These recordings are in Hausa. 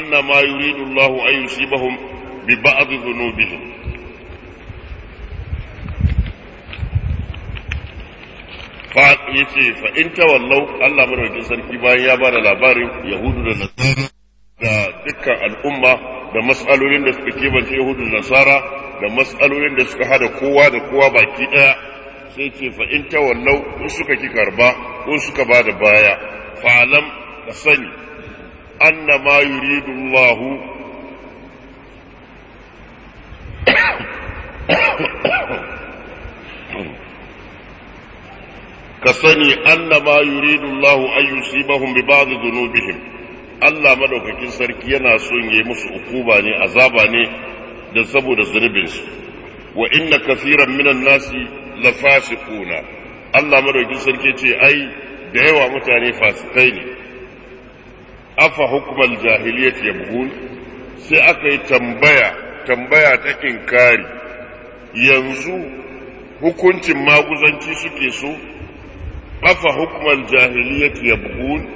anna ma yuridu Allahu an yusibahum bi ba'd fa yace fa in tawallau Allah madaukakin sarki bayan ya bada labarin yahudu da nasara da dukkan al'umma da matsalolin da suka kebance yahudu da nasara da mas'alolin da suka hada kowa da kowa baki daya sai ce fa in wallau in suka ki karba ko suka ba da baya falon alam sani أن ma يريد الله كسني أن ما يريد الله أن يصيبهم ببعض ذنوبهم Allah madaukakin sarki yana son ya yi musu ukuba ne azaba ne da saboda zunubinsu wa inna kafiran minan nasi la fasiquna Allah madaukakin sarki ce ai da yawa mutane fasikai ne afa hukmal jahiliyyati yabghun sai aka yi tambaya tambaya ta kinkari yanzu hukuncin maguzanci suke so afa hukmal jahiliyyati yabghun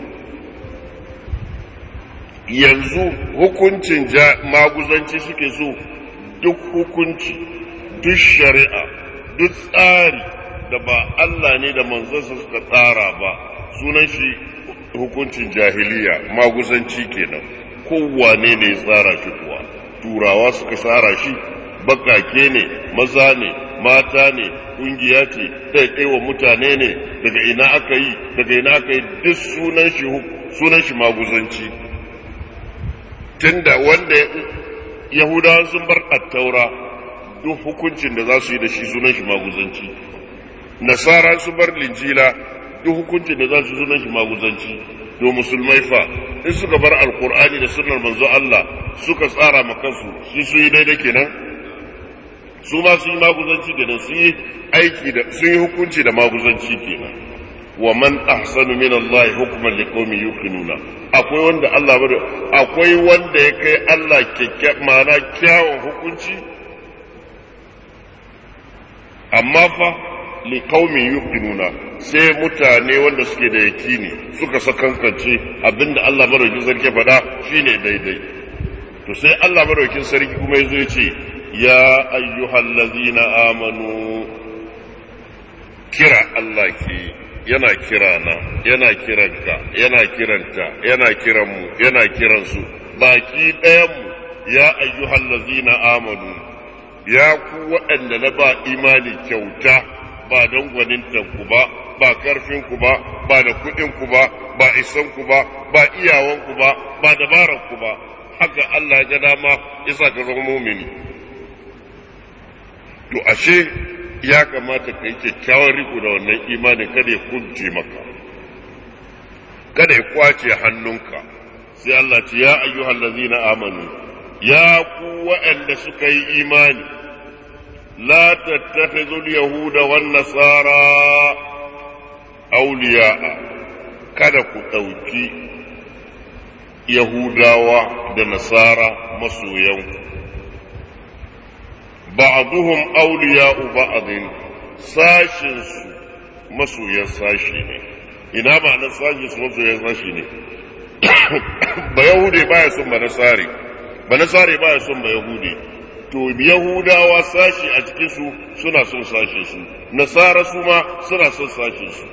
yanzu hukuncin maguzanci suke so duk hukunci duk shari'a duk tsari da ba Allah ne da manzansa suka tsara ba sunan shi hukuncin jahiliya maguzanci kenan kowane ne ya tsara shi kuwa turawa suka tsara shi bakake ne maza ne mata ne kungiya ce ɗaiɗaiwa mutane ne daga ina aka yi daga ina aka yi duk sunan shi sunan shi maguzanci tunda wanda yahudawa sun bar attaura duk hukuncin da za su yi da shi sunan shi maguzanci nasara su bar linjila duk hukuncin da za su sunan shi maguzanci to musulmai fa in suka bar alkur'ani da sunnar manzo Allah suka tsara ma kansu shi su yi daidai kenan su ma su yi maguzanci nan su yi aiki da su yi hukunci da maguzanci kenan wa man ahsanu min Allah hukman liqawmi yuqinuna akwai wanda Allah bada akwai wanda ya kai Allah kekke mana kyawun hukunci amma fa liqawmi yuqinuna sai mutane wanda suke da yakini suka sakankance abinda Allah madaukin sarki faɗa shine daidai to sai Allah madaukin sarki kuma yazo ya ce ya ayyuhallazina amanu kira Allah ke yana kira na yana kiranka yana kiranta yana kiranmu yana kiransu baki ɗayanmu ya ayyuhallazina amanu ya ku waɗanda na ba imani kyauta ba don tanku ba ba karfin ku ba ba da ku ba ba ku ba ba iyawan ku ba ba ku ba haka Allah ya dama isa ka zama mumini to ashe ya kamata ka yi kyakkyawan riko da wannan imanin kada ya kunce maka kada ya kwace hannunka sai Allah ce ya na amanu ya ku waɗanda suka yi imani لا تتخذوا اليهود والنصارى أولياء kada ku ɗauki Yahudawa da Nasara masoyanku, ba'aduhum auliya'u ba'adin sashinsu masoyan sashi ne, ina ma'anar sashinsu masoyan sashi ne, ba Yahude baya son ba Nasare, ba Nasare baya son ba Yahude. to yahudawa sashi a cikinsu suna son sashe su nasara su ma suna son sashe su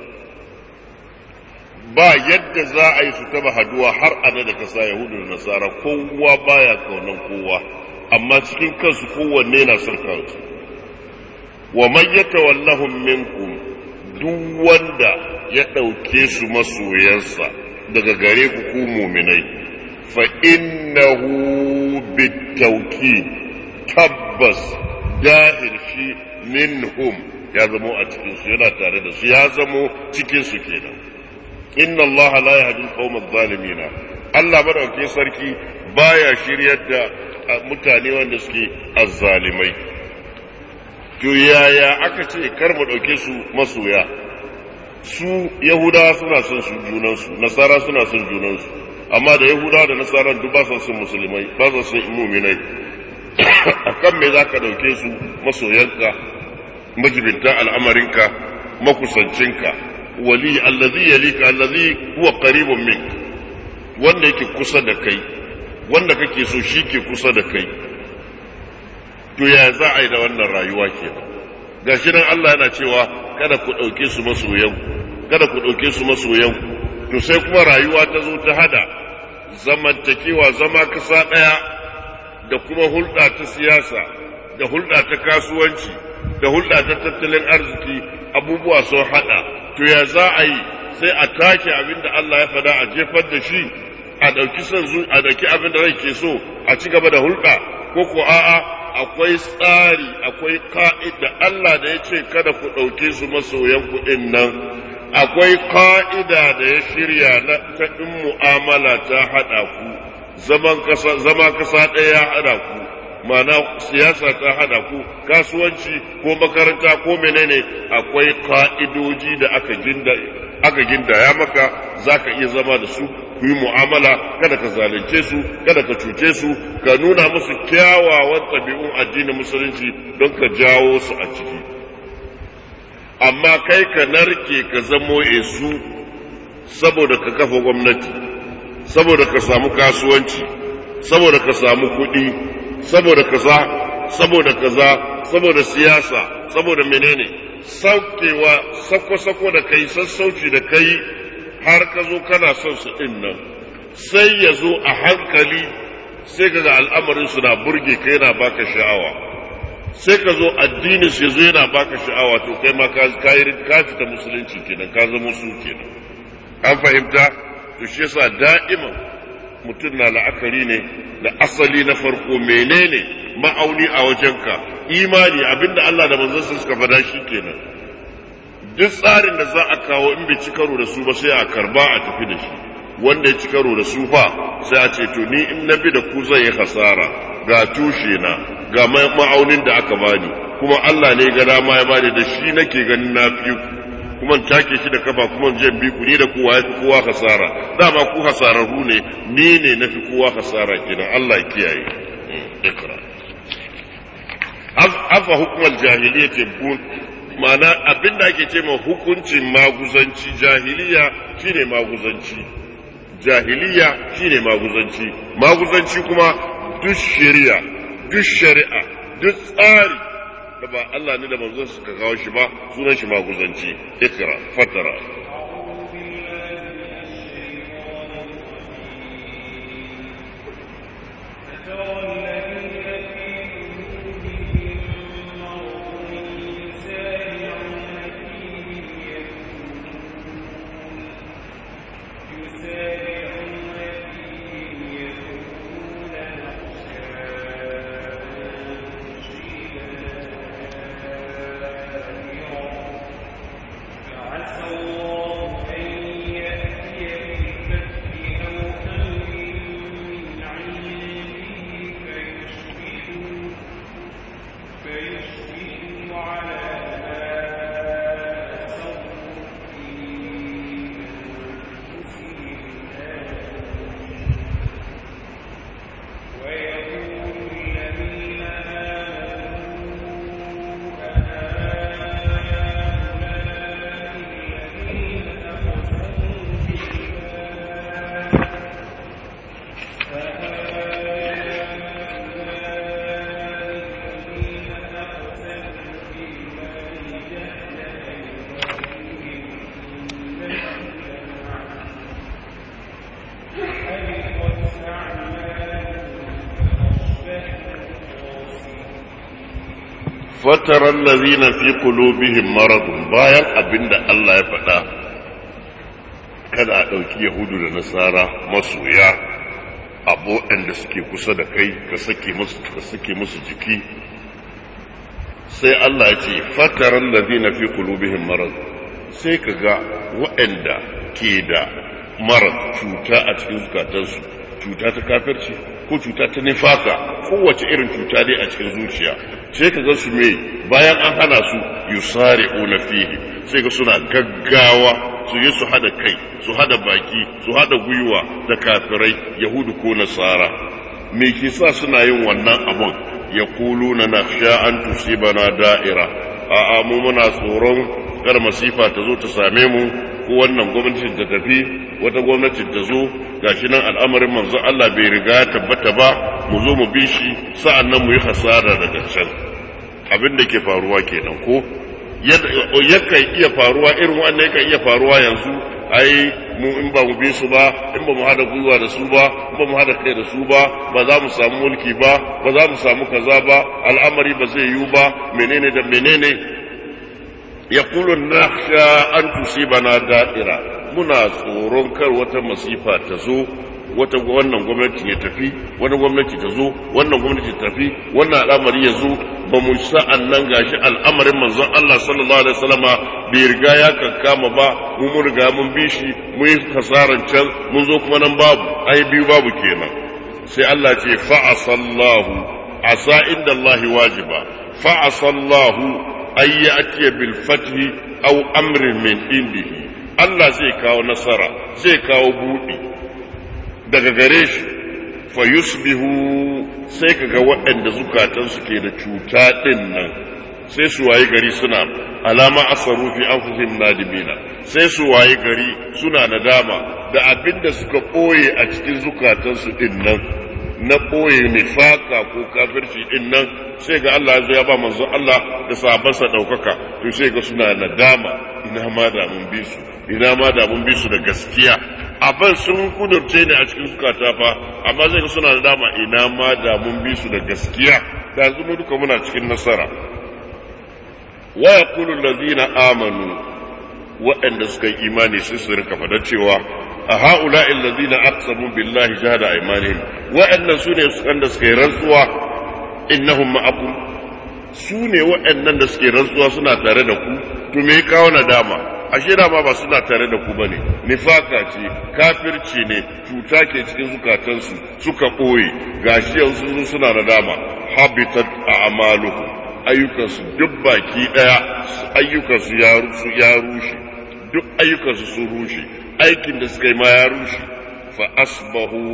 ba yadda za a yi su taba haduwa har a da kasa yahudu da nasara kowa baya kaunan kowa amma cikin kansu kowanne na son kansu wa man yatawallahum minkum duk wanda ya ɗauke su masoyansa daga gare ku ku muminai fa innahu bitawkid tabbas dahir shi minhum ya zamo a cikinsu yana tare da su ya zamo cikinsu kenan inna allaha la yahdi al-qawma adh-dhalimina Allah madaukakin sarki baya shiryar da mutane wanda suke azzalimai to yaya aka ce kar mu dauke su masoya su yahudawa suna son su junansu nasara suna son junansu amma da yahudawa da nasara duk ba su son musulmai ba su son mu'minai A kan me zaka dauke su masoyanka majibinta al'amarinka makusancinka wali allazi yalika allazi huwa qaribun mink wanda yake kusa da kai wanda kake so shi ke kusa da kai to ya za a yi da wannan rayuwa Ga gashi nan Allah yana cewa kada ku dauke su masoyan kada ku dauke su masoyan to sai kuma rayuwa ta zo ta hada zamantakewa zama kasa daya da kuma hulɗa ta siyasa da hulɗa ta kasuwanci da hulɗa ta tattalin arziki abubuwa sun haɗa to ya za a yi sai a take abin da Allah ya faɗa a jefar da shi a ɗauki son zu a ɗauki abin da rai ke so a ci gaba da hulɗa ko ko a'a akwai tsari akwai ka'ida Allah da ya ce kada ku ɗauke su masoyan kuɗin nan akwai ka'ida da ya shirya ta in mu'amala ta haɗa ku zama kasa ɗaya ya hada ku ma'ana siyasa ta haɗa ku kasuwanci ko makaranta ko menene akwai ka'idoji da aka ginda aka ginda ya maka zaka iya zama da su ku yi mu'amala kada ka zalunce su kada ka cuce su ka nuna musu kyawawan ɗabi'un addinin musulunci don ka jawo su a ciki amma kai ka narke ka zamo esu saboda ka kafa gwamnati saboda ka samu kasuwanci saboda ka samu kuɗi saboda kaza saboda kaza saboda siyasa saboda menene saukewa sako-sako da kai sassauci da kai har ka zo kana son su ɗin nan sai ya zo a hankali sai ka ga al'amarin su na burge ka yana baka sha'awa sai ka zo addinin su ya zo yana baka sha'awa to kai ma ka fita musulunci kenan ka zama su kenan an fahimta to shi yasa da'iman mutum na la'akari ne da asali na farko menene ma'auni a wajenka imani abinda Allah da manzon suka fada shi kenan duk tsarin da za a kawo in bai ci da su ba sai a karba a tafi da shi wanda ya ci karo da su fa sai a ce to ni in na bi da ku zai yi hasara ga tushe na ga ma'aunin da aka bani kuma Allah ne ga dama ya bani da shi nake ganin na fi ku kuma take shi da kafa kuma je bi ku ni da kowa yafi kowa hasara dama ku hasararru ne ni ne na fi kowa hasara kenan Allah ya kiyaye hmm, ikra afa hukumar jahiliya bun ma'ana abinda ake ce ma hukuncin maguzanci jahiliya shine maguzanci jahiliya shine maguzanci maguzanci kuma duk shari'a duk shari'a duk tsari da ba Allah ne da manzon suka kawo shi ba sunan shi maguzanci ikra fatara fataran lazina fi qulubihim maradun bayan abinda Allah ya faɗa kada a ɗauki yahudu da nasara masoya abu da suke kusa da kai ka sake musu ka sake musu jiki sai Allah ya ce fataran lazina fi qulubihim marad sai ka ga waɗanda ke da marad cuta a cikin zukatansu cuta ta kafirci ko cuta ta nifaka kowace irin cuta dai a cikin zuciya sai ka ga su me bayan an hana su yusari'una fihi sai ga suna gaggawa su yi su hada kai su hada baki su hada gwiwa da kafirai yahudu ko nasara me ke sa suna yin wannan abun na sha an na da'ira a'a mu muna tsoron kar masifa ta zo ta same mu ko wannan gwamnati ta tafi wata gwamnati ta zo gashi nan al'amarin manzo Allah bai riga tabbata ba mu zo mu bin shi sa'an nan mu yi hasara daga can abin da ke faruwa kenan ko yakan iya faruwa irin wannan yakan iya faruwa yanzu ai mu in ba mu bi su ba in ba mu hada gwiwa da su ba in ba mu hada kai da su ba ba za mu samu mulki ba ba za mu samu kaza ba al'amari ba zai yiwu ba menene da menene yaqulu nakhsha an tusibana da'ira muna tsoron kar wata masifa ta zo wata wannan gwamnati ya tafi wani gwamnati ta zo wannan gwamnati ta tafi wannan al'amari ya zo ba mu sa'an nan gashi al'amarin manzon Allah sallallahu alaihi wasallama bai riga ya kankama ba mu mun riga mun bi shi mu yi kasaran can mun zo kuma nan babu ai biyu babu kenan sai Allah ce fa asallahu asa inda Allah wajiba fa asallahu ayya atiya bil fathi aw amrin min indihi Allah zai kawo nasara zai kawo buɗi daga gare shi fa yusbihu sai kaga waɗanda zukatansu ke da cuta ɗin nan sai su waye gari suna alama asaru fi anfusihim nadimina sai su waye gari suna nadama da abin da suka ɓoye a cikin zukatansu ɗin nan na ɓoye nifaka ko kafirci ɗin nan sai ga Allah ya ba manzo Allah da sabansa ɗaukaka to sai ga suna nadama ina ma da mun bi su ina ma da mun bi su da gaskiya abin sun kudurce ne a cikin sukata fa amma zai suna da dama ina ma da mun bi su da gaskiya da yanzu duka muna cikin nasara wa yaqulu allazina amanu waɗanda suka yi imani sai su rinka fada cewa a ha'ula allazina aqsamu billahi jahada aymanihim waɗannan su ne suka yi rantsuwa innahum ma'akum su ne waɗannan da suke rantsuwa suna tare da ku to me kawo nadama ashe dama ba suna tare da ku bane nifaka ce kafirci ne cuta ke cikin zukatansu suka ɓoye gashi yanzu sun suna nadama habitat a amaluku ayyukansu duk baki ɗaya ayyukansu ya rushe duk ayyukansu sun rushe aikin da suka yi ma ya rushe fa asbahu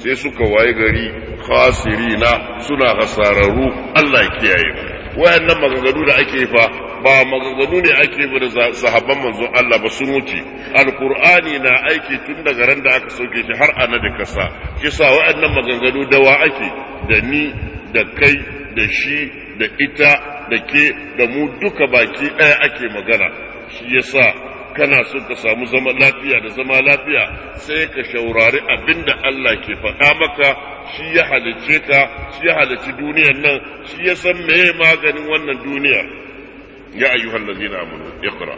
sai suka waye gari khasirina suna hasararru Allah ya kiyaye mu wayannan maganganu da ake fa ba maganganu ne ake ba da sahabban manzon Allah ba sun wuce alqur'ani na aiki tun daga ran da aka soke shi har ana da kasa kisa wayannan maganganu dawa ake da ni da kai da shi da ita da ke da mu duka baki ɗaya ake magana shi yasa kana so ka samu zama lafiya da zama lafiya sai ka shaurari abin da Allah ke faɗa maka shi ya halicce ka shi ya halicci duniyan nan shi ya san meye maganin wannan duniya ya ayyuhal ladina amanu iqra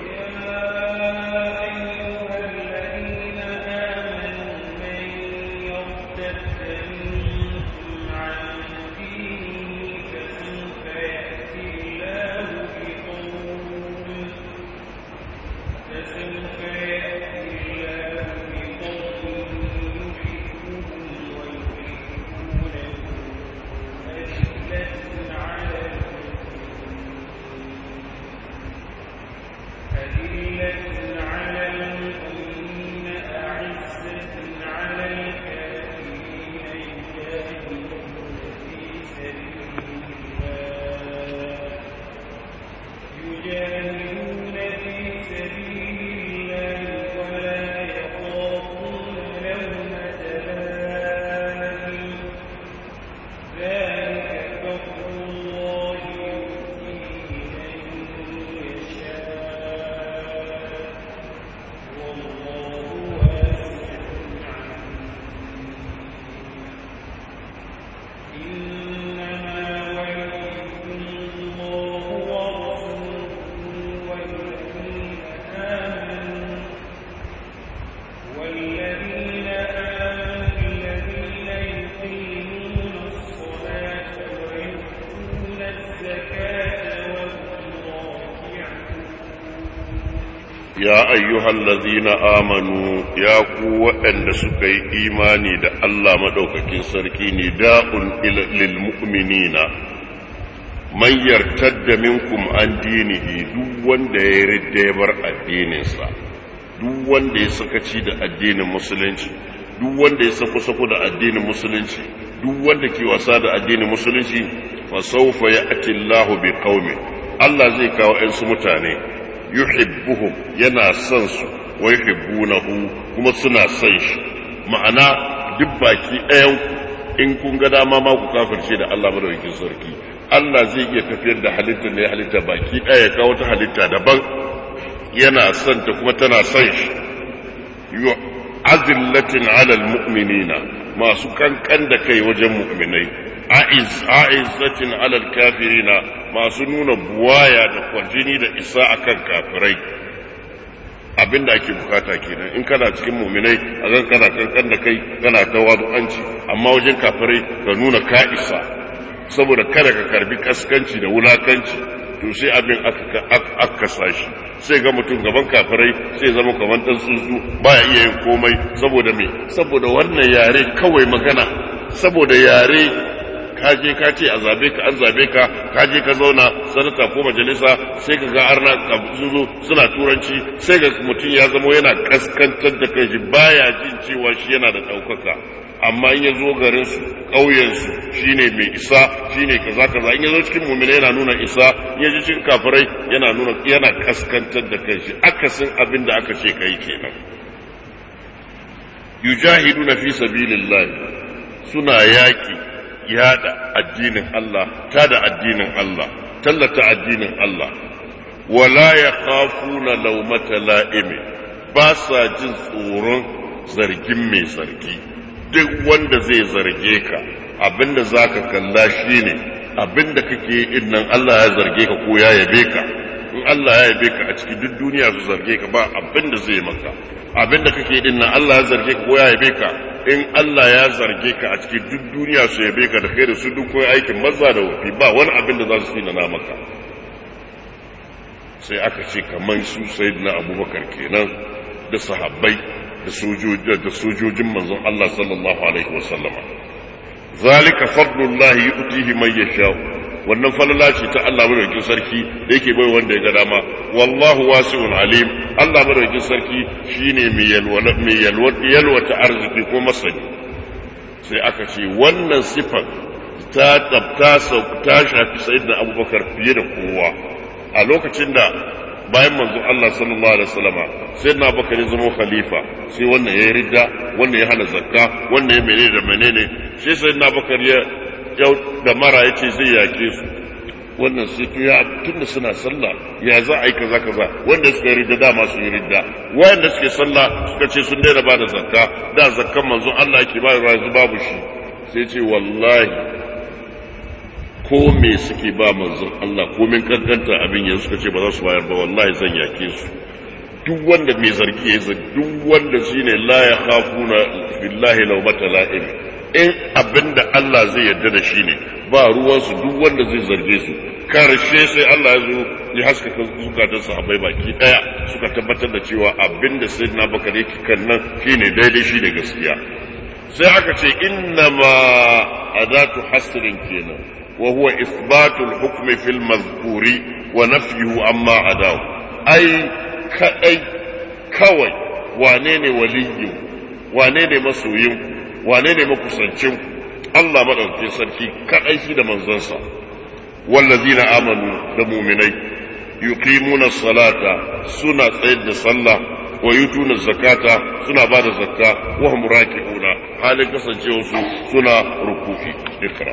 allazina amanu ya ku waɗanda suka yi imani da Allah maɗaukakin sarki ne da'un lil mu'minina man yartadda minkum an dinihi duk wanda ya ridda ya bar addininsa duk wanda ya sakaci da addinin musulunci duk wanda ya sako-sako da addinin musulunci duk wanda ke wasa da addinin musulunci fa sawfa ya'ti Allahu bi qaumin Allah zai kawo 'yansu mutane yuhibbuhum yana son su wa yuhibbunahu kuma suna son shi ma'ana duk baki ɗayan in kun ga dama ma ku kafirce da Allah madaukakin sarki Allah zai iya tafiyar da halitta ne halitta baki ɗaya ya kawo ta halitta daban yana son ta kuma tana son shi azillatin alal mu'minina masu kankan da kai wajen mu'minai a'iz a'izzatin alal kafirina masu nuna buwaya da kwarjini da isa akan kafirai abin da ake bukata kenan in kana cikin muminai a zan kana kankan da kai kana ta tawadu'anci amma wajen kafirai ka nuna ka isa saboda kada ka karbi kaskanci da wulakanci to sai abin aka sashi sai ga mutum gaban kafirai sai zama kamar dan tsuntsu baya iya yin komai saboda me saboda wannan yare kawai magana saboda yare ka je ka ce a zabe ka an zabe ka ka je ka zauna sanata ko majalisa sai ka ga arna suna turanci sai ga mutum ya zamo yana kaskantar da kai baya jin cewa shi yana da ɗaukaka amma in ya zo garinsu ƙauyensu shine mai isa shine kaza kaza in ya zo cikin mumina yana nuna isa ya ji cikin kafirai yana nuna yana kaskantar da kai shi akasin abin da aka ce kai kenan yujahiduna fi sabilillah suna yaki yada addinin Allah tada addinin Allah tallata addinin Allah wala kafuna laumata la'imi ba sa jin tsoron zargin mai zargi duk wanda zai zarge ka abinda zaka kalla shine abinda kake yin nan Allah ya zarge ka ko ya yabe ka in Allah ya yabe ka a cikin duk duniya su zarge ka ba abinda zai maka abin da kake din nan Allah ya zarge ka ya yabe ka in Allah ya zarge ka a cikin duk duniya su yabe ka da kai da su duk koyi aikin maza da wafi ba wani abin da za su na maka sai aka ce kamar su sayyidina abubakar kenan da sahabbai da sojoji da sojojin manzon Allah sallallahu alaihi wasallama zalika fadlullahi yu'tihi man yasha'u wannan falala ce ta Allah madaukakin sarki da yake bai wanda ya ga dama wallahu wasi'un alim Allah madaukakin sarki shine mai yalwa mai yalwata arziki ko masani sai aka ce wannan sifar ta tabta ta shafi sayyidina Abubakar fiye da kowa a lokacin da bayan manzo Allah sallallahu alaihi wasallama sai na bakari zama khalifa sai wannan ya yi ridda wannan ya hana zakka wannan ya menene da menene sai sai na bakari ya da mara ya ce zai yake su wannan sai to ya tunda suna sallah ya za a yi kaza kaza wanda suka yi ridda dama su yi ridda wanda suke sallah suka ce sun daina bada zakka da zakkan manzon Allah yake ba yanzu babu shi sai ce wallahi ko me suke ba manzon Allah ko min kankanta abin yanzu suka ce ba za su bayar ba wallahi zan yake su duk wanda mai zargi ya duk wanda shine la ya khafuna billahi law mata la'im in abin da Allah zai yarda da shi ne ba ruwansu duk wanda zai zarge su karshe sai Allah ya zo ya haskaka zukatan sahabbai baki daya suka tabbatar da cewa abin da baka ne ki kan nan shine daidai shi da gaskiya sai aka ce ma adatu hasrin kenan wa huwa ithbatul hukmi fil mazkuri wa nafyuhu amma adahu ai kadai kawai wane ne waliyin wane ne masoyinku wane ne makusancin Allah maɗaukin sarki kaɗai shi da wallazi wallazina amanu da muminai yuqimuna salata suna tsayar da sallah wa yutuna zakata suna ba da zakka wa hum halin kasancewarsu suna rukufi. ikra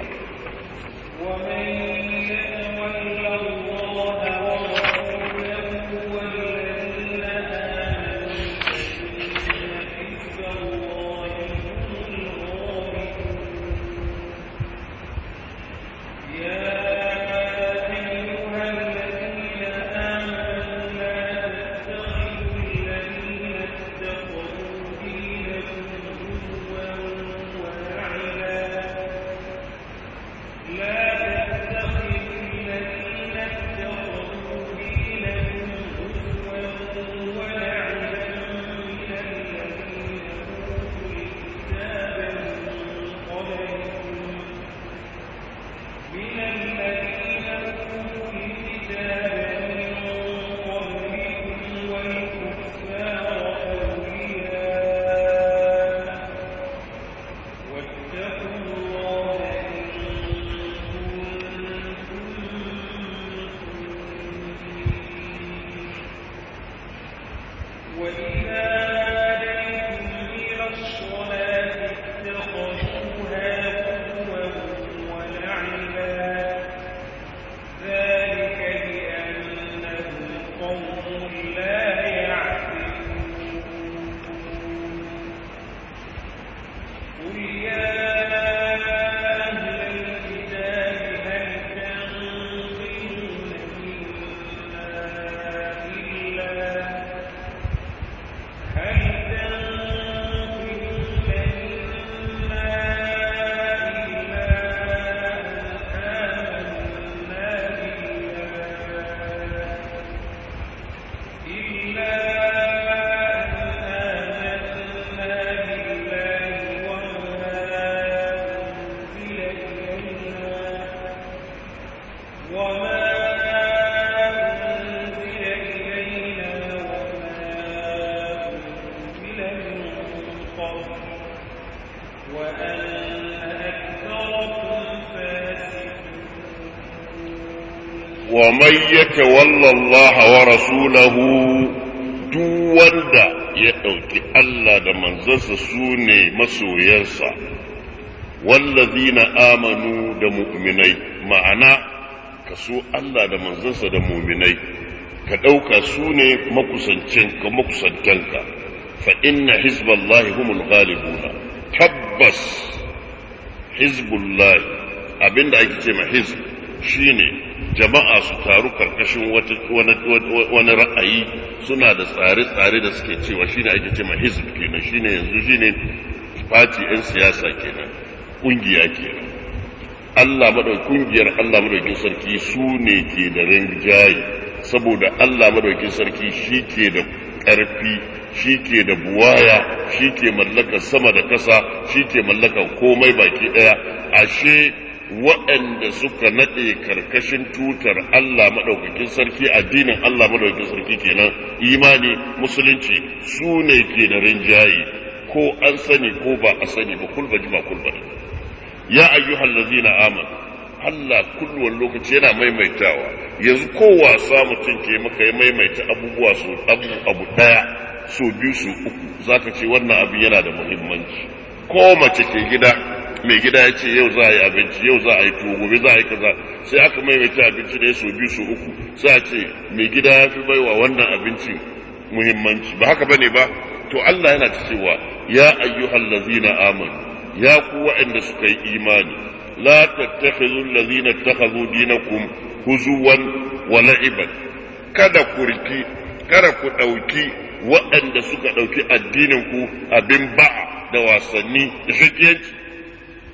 Allah wa rasulahu duk wanda ya ɗauki Allah da manzansa su ne masoyansa wallazina amanu da mu'minai ma'ana ka so Allah da manzansa da mu'minai ka ɗauka su ne makusancinka makusantanka fa inna hizballahi humul ghalibuna tabbas hizbullahi abinda ake ce ma hizb shine jama'a su taru karkashin wani ra'ayi suna da tsare-tsare da suke cewa shine ake ce ma hizb kenan shine yanzu shine fati 'yan siyasa kenan ƙungiya kenan Allah madaukakin kungiyar Allah madaukakin sarki su ne ke da rinjaye saboda Allah madaukakin sarki shi ke da ƙarfi shi ke da buwaya shi ke mallakar sama da ƙasa shi ke mallakar komai baki ɗaya ashe waɗanda suka naɗe karkashin tutar Allah maɗaukakin sarki addinin Allah maɗaukakin sarki kenan imani musulunci su ne ke da rinjaye ko an sani ko ba a sani ba kulba ji ba kulba ya hallazi na amanu Allah kullum lokaci yana maimaitawa yanzu ko wasa mutum ke maka ya maimaita abubuwa su abu abu daya su biyu su uku zaka ce wannan abu yana da muhimmanci ko mace ke gida mai gida ya ce yau za a yi abinci yau za a yi tuwo gobe za a yi kaza sai aka maimaita abinci da ya so biyu so uku sai a ce mai gida ya fi baiwa wannan abinci muhimmanci ba haka bane ba to Allah yana cewa ya ayyuhal ladzina amanu ya ku waɗanda suka yi imani la tattakhidhu alladhina ittakhadhu dinakum huzuwan wa la'iban kada ku riki kada ku dauki waɗanda suka dauki addinin ku abin ba'a da wasanni da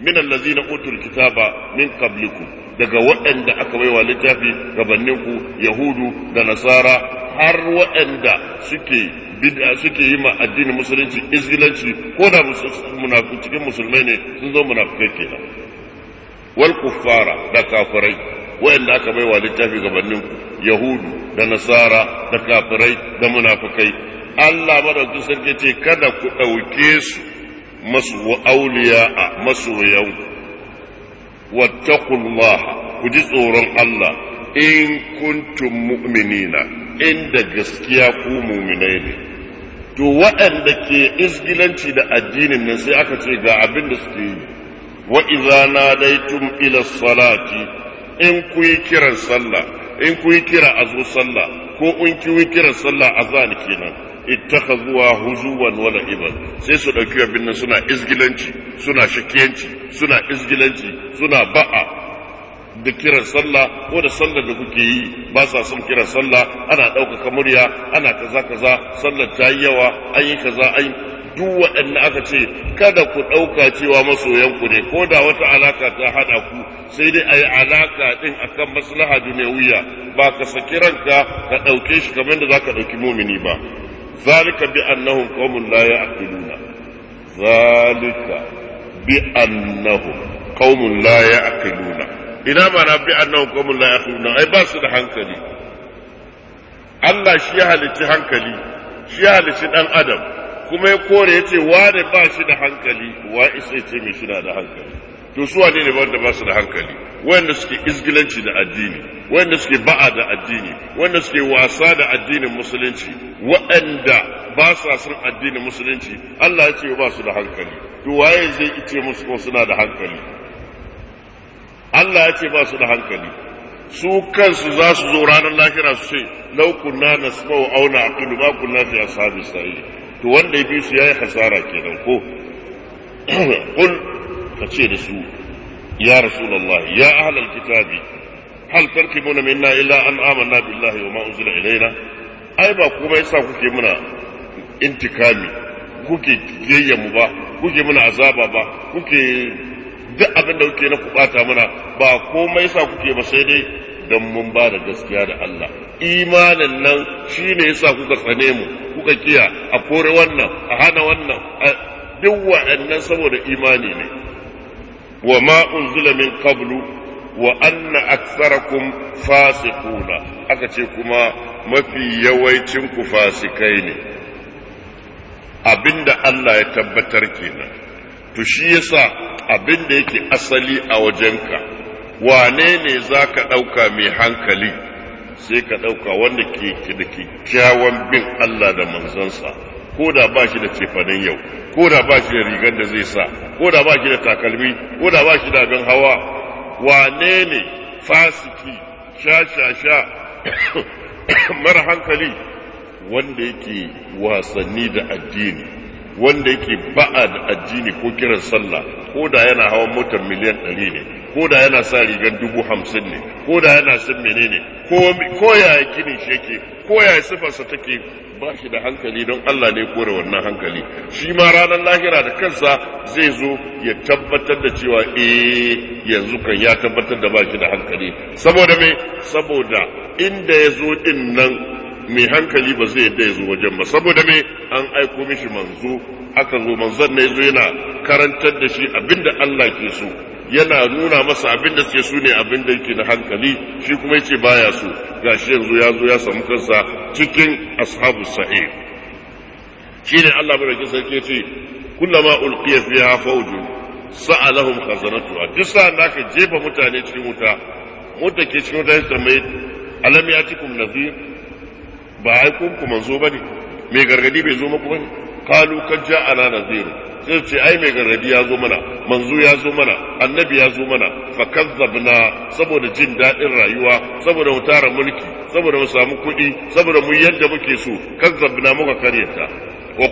min allazina utul kitaba min qablikum daga waɗanda aka baiwa littafi gabaninku yahudu da nasara har waɗanda suke bid'a suke yi ma addinin musulunci izgilanci ko da cikin musulmai ne sun zo munafikai kenan wal kuffara da kafirai waɗanda aka baiwa littafi gabaninku yahudu da nasara da kafirai da munafikai Allah madaukakin sarki ce kada ku ɗauke su masu auliya a masoyan wattaqullaha ku ji tsoron Allah in kuntum mu'minina inda gaskiya ku mu'minai ne to waɗanda ke isgilanci da addinin nan sai aka ce ga abin da suke yi wa iza tun ila salati in ku yi kiran sallah in ku yi kira a zo sallah ko in ku yi kiran sallah azan kenan ittakhazuha huzuwan wa la'iban sai su dauki abin nan suna izgilanci suna shakiyanci suna izgilanci suna ba'a da kiran sallah ko da sallar da kuke yi ba sa son kiran sallah ana ɗaukaka murya ana kaza kaza sallar ta yi yawa an yi kaza an duk waɗanne aka ce kada ku ɗauka cewa ku ne ko da wata alaka ta haɗa ku sai dai a yi alaka ɗin akan maslaha duniyawiya ba ka saki ranka ka ɗauke shi kamar da za ka ɗauki mumini ba ذلك بأنهم قوم لا يعقلون ذلك بأنهم قوم لا يعقلون ina mana bi annahum qaumun la ya'qiluna ba su da hankali Allah shi ya halici hankali shi ya halici ɗan adam kuma ya kore yace wane ba shi da hankali wa isa ce mai shi da hankali to su wane ne wanda ba su da hankali wanda suke izgilanci da addini wanda suke ba'a da addini wanda suke wasa da addinin musulunci waɗanda ba sa son addinin musulunci Allah ya ce ba su da hankali to waye zai ice musu ko suna da hankali Allah ya ce ba su da hankali su kansu za su zo ranar lahira su ce lau kunna nasma'u auna aqilu ba kunna fi ashabi sa'i to wanda ya bi su yayi hasara kenan ko kun ka ce da su ya rasulallah, ya ahlal kitabi hal tarkibuna minna illa an amanna billahi wa ma unzila ilaina ai ba kuma yasa kuke muna intikami kuke mu ba kuke muna azaba ba kuke duk abin da kuke na bata muna ba komai yasa kuke ba sai dai dan mun ba da gaskiya da Allah imanin nan shine yasa kuka tsane mu kuka kiya a kore wannan a hana wannan duk wa'annan saboda imani ne wa ma unzila min qablu wa anna aktsarakum fasiquna aka ce kuma mafi yawancin ku fasikai ne abinda Allah ya tabbatar kenan to shi yasa abinda yake asali a wajenka wane ne ka ɗauka mai hankali sai ka ɗauka wanda ke da kyakkyawan bin Allah da manzonsa? ko da ba shi da cefanen yau ko da ba shi da rigar da zai sa ko da ba shi da takalmi ko da ba shi da gan hawa wane ne fasiki sha sha sha mara hankali wanda yake wasanni da addini wanda yake ba'a da addini ko kiran sallah ko da yana hawan motar miliyan ɗari ne ko da yana sa rigar dubu hamsin ne ko da yana san menene ko ya gini shi yake ko ya sifarsa take ba shi da hankali don Allah ne kore wannan hankali shi ma ranar lahira da kansa zai zo ya tabbatar da cewa eh yanzu kan ya tabbatar da ba shi da hankali saboda me saboda inda ya zo din nan mai hankali ba zai yadda ya zo wajen ba saboda me an aiko mishi manzo aka zo manzon ne zo yana karantar da shi abinda Allah ke so yana nuna masa abin da suke su ne abin da yake na hankali shi kuma yace baya so gashi yanzu ya zo ya samu kansa cikin ashabu sahih shine Allah rage sarki yace kullama ulqiya fiha fawj sa'alahum khazanatu duk sa'an da ka jefa mutane cikin wuta wanda ke cikin wuta ya mai alam kum nazir ba ai kun kuma zo bane mai gargadi bai zo muku bane kan kad ana naziru sai ce ai mai garabi ya zo mana manzo ya zo mana annabi ya zo mana fa kazzabna saboda jin dadin rayuwa saboda mu tara mulki saboda mu samu kuɗi saboda mu yadda muke so kazzabna muka karyata wa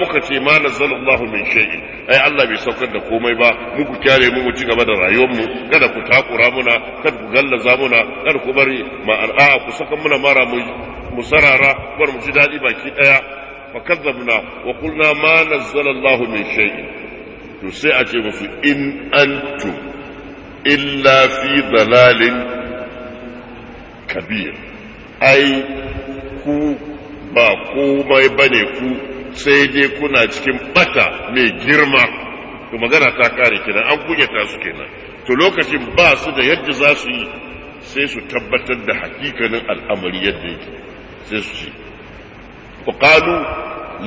muka ce ma nazzalallahu min shay'in ai Allah bai saukar da komai ba muku kyare mu mu ci gaba da rayuwar mu kada ku takura muna kada ku gallaza muna kada ku bari ma a'a ku saka muna mara mu sarara bar mu ji dadi baki daya فكذبنا وقلنا ما نزل sha'i من شيء تسعة إن أنتم إلا في dalalin كبير أي كو ba komai bane ku sai dai kuna cikin ɓata mai girma to magana ta kare kenan an kunyata su kenan to lokacin ba su da yadda za su yi sai su tabbatar da hakikanin al'amari yadda yake sai su ce ku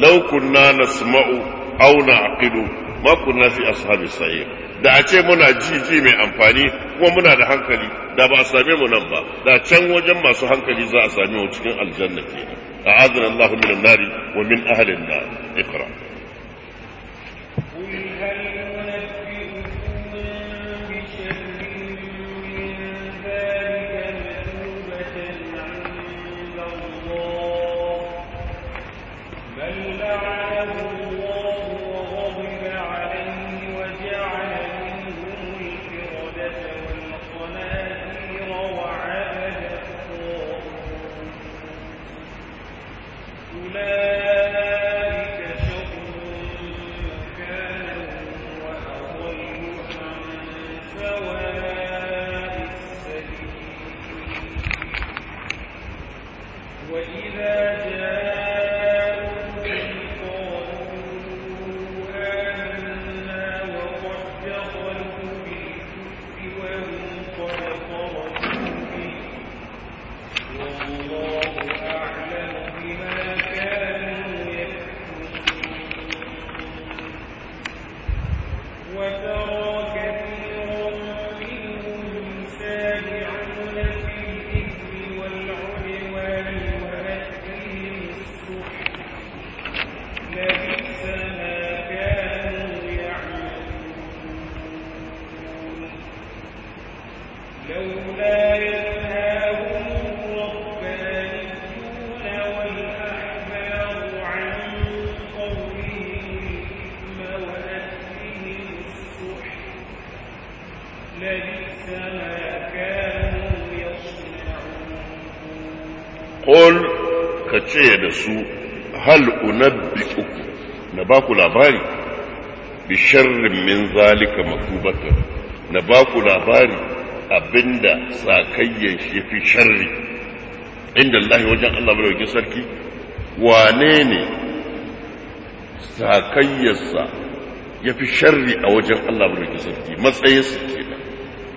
law kunna nasma'u auna na'qilu ma kunna fi ashabis sa'ir da a ce muna jiji mai amfani kuma muna da hankali da ba a same mu nan ba da can wajen masu hankali za a same mu cikin aljanna a adana Allahu minan nari wa min ahli an-nar ikra qul ka ce da su hal unabbiku na ba ku labari bi sharrin min zalika makubata, na ba ku labari abinda sakayyan shi fi sharri inda Allah wajen Allah madaukakin sarki wane ne sakayyarsa ya fi sharri a wajen Allah madaukakin sarki matsayinsa kenan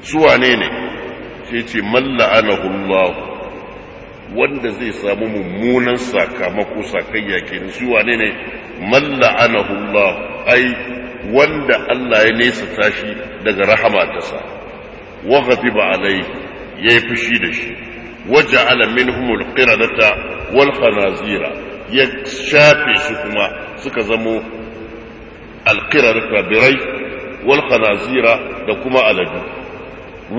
su wane ne sai ce malla anahullahu wanda zai samu mummunan sakamako sakayya kenan shi wane ne man ai wanda Allah ya nesa tashi daga rahama ta sa wa ghadiba alai yayi fushi da shi ja'ala minhum alqiradata wal khanazira ya shafe su kuma suka zamo alqiradata birai wal khanazira da kuma aladu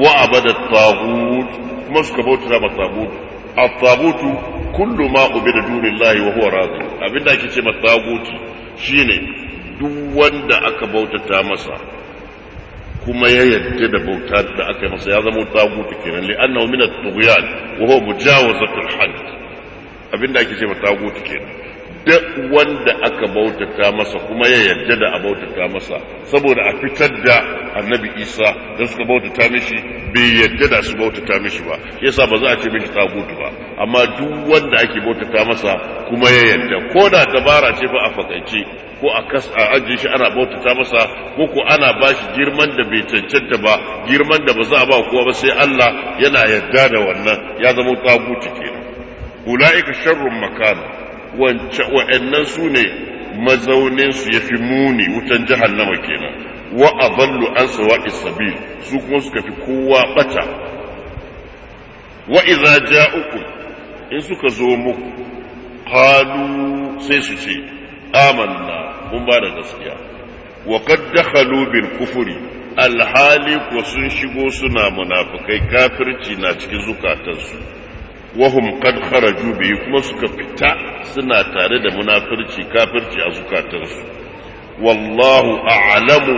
wa abada tagut kuma suka bauta ma tagut at-tagutu kullu ma ubida dunillahi wa huwa radi abinda ake ce mataguti shine duk wanda aka bautata masa kuma ya yadda da bauta da aka yi masa ya zama taguti kenan li annahu min at-tughyan wa huwa mujawazatul hadd abinda ake ce mataguti kenan duk wanda aka bautata masa kuma ya yarda da a bautata masa saboda a fitar da annabi isa da suka bautata mishi bai yarda da su bautata mishi ba yasa ba za a ce mishi tagutu ba amma duk wanda ake bautata masa kuma ya yarda ko da dabara ce ba a fakaice ko a kas a ajiye shi ana bautata masa ko ko ana bashi girman da bai cancanta ba girman da ba za a ba kowa ba sai Allah yana yarda da wannan ya zama tagutu kenan ulaika sharrun makana wa'annan su ne mazauninsu ya fi muni wutan jahannama kenan wa aballu an sawa'i sabil su kuma suka fi kowa bata wa idza ja'ukum in suka zo muku qalu sai su ce amanna mun ba da gaskiya wa qad dakhalu bil kufri alhali ko sun shigo suna munafikai kafirci na cikin zukatansu wahum kad kharaju bi kuma suka fita suna tare da munafirci kafirci a zukatansu wallahu a'lamu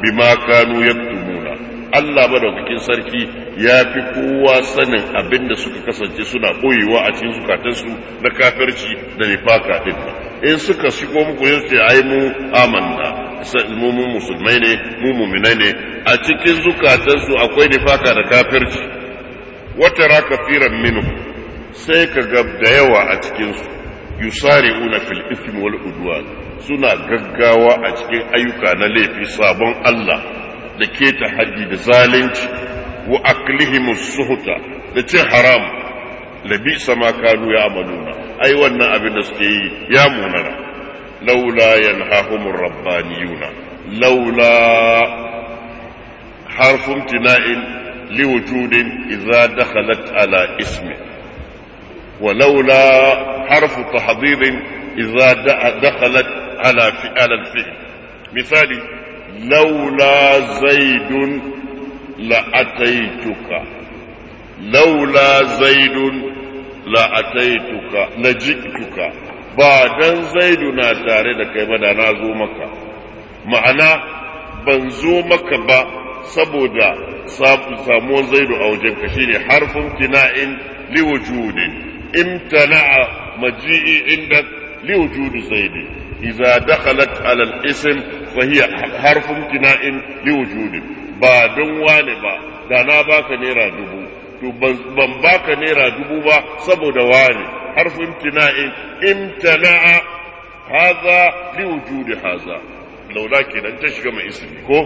bima kanu yaktumuna Allah madaukakin sarki ya fi kowa sanin abin da suka kasance suna koyewa a cikin zukatansu na kafirci da nifaka din in suka shigo muku yin ai mu amanna mu mu musulmai ne mu mu'minai ne a cikin zukatansu akwai nifaka da kafirci wata ra kafiran sai ka ga da yawa a cikinsu una fil ism wal udwan suna gaggawa a cikin ayyuka na laifi sabon Allah da ke ta haddi da zalunci wa aklihimus suhta da cin haram labisa sama kanu ya amaluna ai wannan abin da suke yi ya munana laula yanhahumur rabbaniyuna laula harfun tina'in liwujudin idza dakhalat ala ismi. ولولا حرف تحضير إذا دخلت على فعل الفعل مثالي لولا زيد لأتيتك لولا زيد لأتيتك لجئتك بعد زيد ناتاري لكي بدا نازومك معنى بنزومك با saboda samuwan zaidu a wajenka shine harfin kina'in liwujudin امتنع مجيئي عندك لوجود زيد alal isim, على الاسم فهي حرف امتناء لوجود با دون واني با دانا باك نيرا دبو to ban baka naira dubu ba saboda wani harfu imtina'in imtana'a haza li wujudi haza laula kenan ta shiga mai ismi ko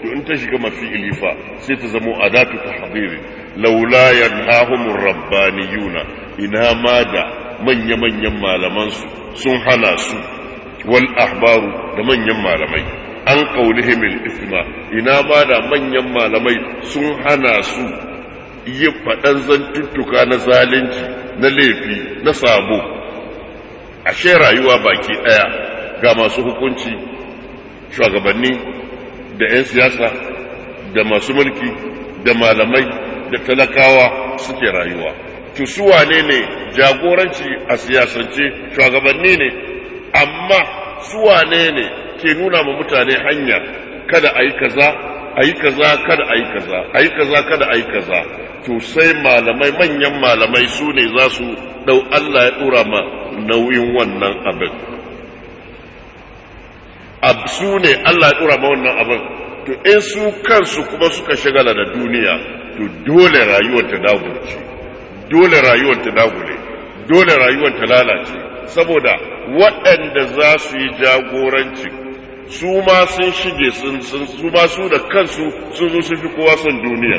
to in ta shiga mafi ilifa sai ta zamo adatu tahdiri لولا ينهاهم الربانيون إنها ma من يمن يما سنحنا والأحبار لمن يما da manyan قولهم an إنها al isma ina لمن da manyan يبقى sun hana su yi faɗan zantuttuka na zalunci na laifi na sabo rayuwa da 'yan siyasa da masu mulki da malamai da talakawa suke rayuwa to su wane ne jagoranci a siyasance shugabanni ne amma su wane ne ke nuna ma mutane hanya kada a yi kaza a yi kaza kada a yi kaza a yi kaza kada a yi kaza to sai malamai manyan malamai su ne za su dau Allah ya dora ma nauyin wannan abin su ne Allah ya dora ma wannan abin to in su kansu kuma suka shagala da duniya to dole rayuwar ta dagulce dole rayuwar ta dagule dole rayuwar ta lalace saboda waɗanda za su yi jagoranci su ma sun shige su ma su da kansu sun zo su fi kowa son duniya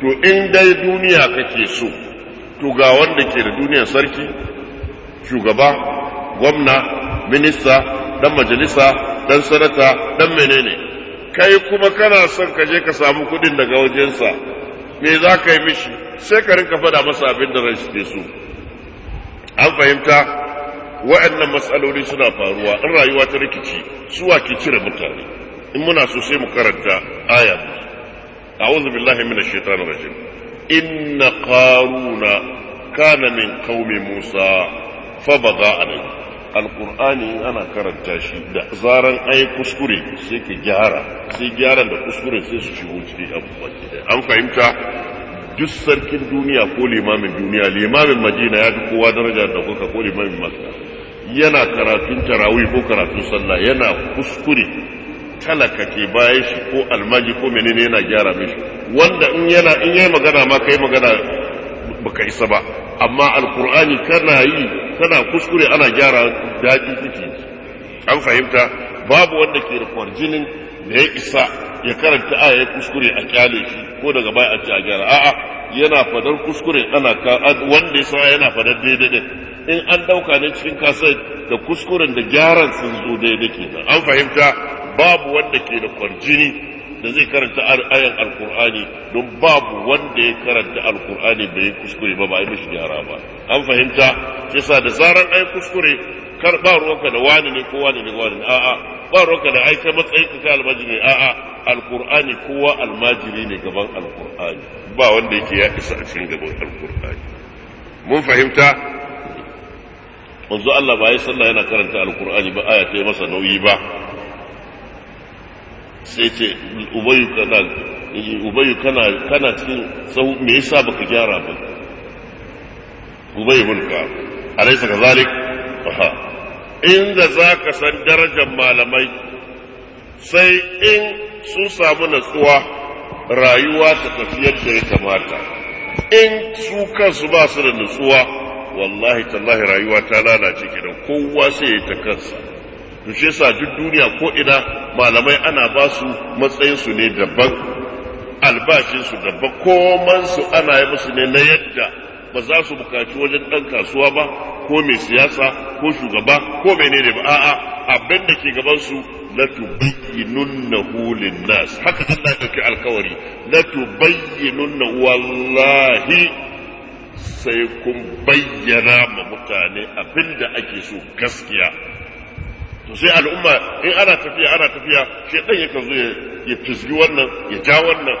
to in dai duniya kake so to ga wanda ke da duniyar sarki shugaba gwamna minista dan majalisa dan sanata dan menene kai kuma kana son ka je ka samu kudin daga wajensa me za ka yi mishi sai ka rinka faɗa masa abin da ran shige so an fahimta wa'annan matsaloli suna faruwa in rayuwa ta rikici suwa ke cire mutane in muna so sai mu karanta aya a'udhu billahi minash shaitanir rajim inna qaruna kana min kaume musa fa baga alayhi alkur'ani ana karanta shi da zaran an yi kuskure sai ka gyara sai gyaran da kuskure sai su shigo cikin abubuwa an fahimta duk sarkin duniya ko limamin duniya limamin madina ya fi kowa daraja da kuka ko limamin makka yana karatun tarawih ko karatun sallah yana kuskure talaka ke bayan shi ko almaji ko menene yana gyara mishi wanda in yana in yayi magana ma kai magana baka isa ba amma alqur'ani kana yi tana kuskure ana gyara daji take an fahimta babu wanda ke da kwarjinin da ya isa ya karanta aya ya kuskure a kyale shi ko daga baya a ce a gyara a'a yana fadar kuskure ana wanda ya sa yana fadar daidai din in an dauka ne cikin kasar da kuskuren da gyaran sun zo daidai kenan an fahimta babu wanda ke da kwarjini da zai karanta ayan alkur'ani don babu wanda ya karanta alkur'ani bai kuskure ba ba yi mishi gyara ba an fahimta yasa da zarar ai kuskure kar ba ruwanka da wani ne ko wani ne wani ne a'a ba ruwanka da ai kai matsayin ka almajiri ne a'a alkur'ani kowa almajiri ne gaban alkur'ani ba wanda yake ya isa a cikin gaban alkur'ani mun fahimta manzo Allah ba ya sallah yana karanta alkur'ani ba aya ta masa nauyi ba sai ce ubayu kana ubayu kana kana cikin sahu me yasa baka gyara ba ubayu bin ka alaysa kazalik aha inda zaka san darajar malamai sai in su samu natsuwa rayuwa ta tafi yadda ya kamata in su kansu ba su da natsuwa wallahi tallahi rayuwa ta lalace gidan kowa sai ya ta kansa to shi yasa duk duniya ko ina malamai ana ba su matsayin su ne daban albashin su daban koman su ana yi musu ne na yadda ba za su bukaci wajen dan kasuwa ba ko mai siyasa ko shugaba ko menene ba a'a abin da ke gaban su la tubayyinunnahu lin-nas haka Allah ya dauki alkawari la tubayyinunna wallahi sai kun bayyana ma mutane abin da ake so gaskiya to sai al'umma in ana tafiya ana tafiya dan yakan zo ya fizgi wannan ya ja wannan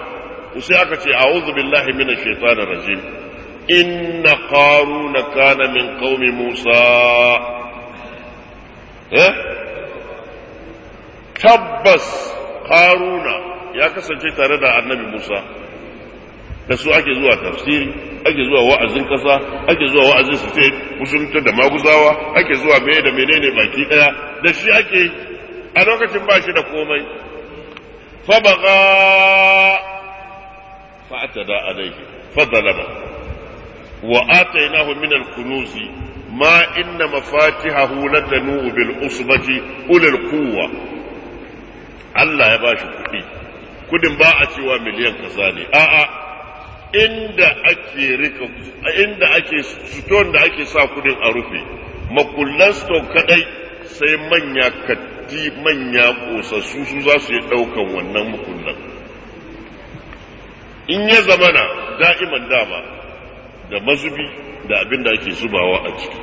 to sai aka ce a'udhu billahi minash shaitanir rajim inna qaruna kana min qaumi musa eh tabbas qaruna ya kasance tare da annabi musa da su ake zuwa tafsiri ake zuwa wa'azin kasa ake zuwa wa'azin su ce musulunta da maguzawa ake zuwa meye da menene baki daya da shi ake a lokacin ba shi da komai fa baga fa atada alaihi fa zalama wa atainahu min al-kunuzi ما إن مفاتحه لتنوء بالأصبة أولي القوة Allah ya ba shi kuɗi, kuɗin ba a cewa miliyan kasa ne, a'a inda ake rika inda ake stone da ake sa kudin a rufe makullan stone kadai sai manya katti manya kosassu su za su yi daukan wannan makullan in ya zamana da'iman dama da mazubi da abin da ake zubawa a ciki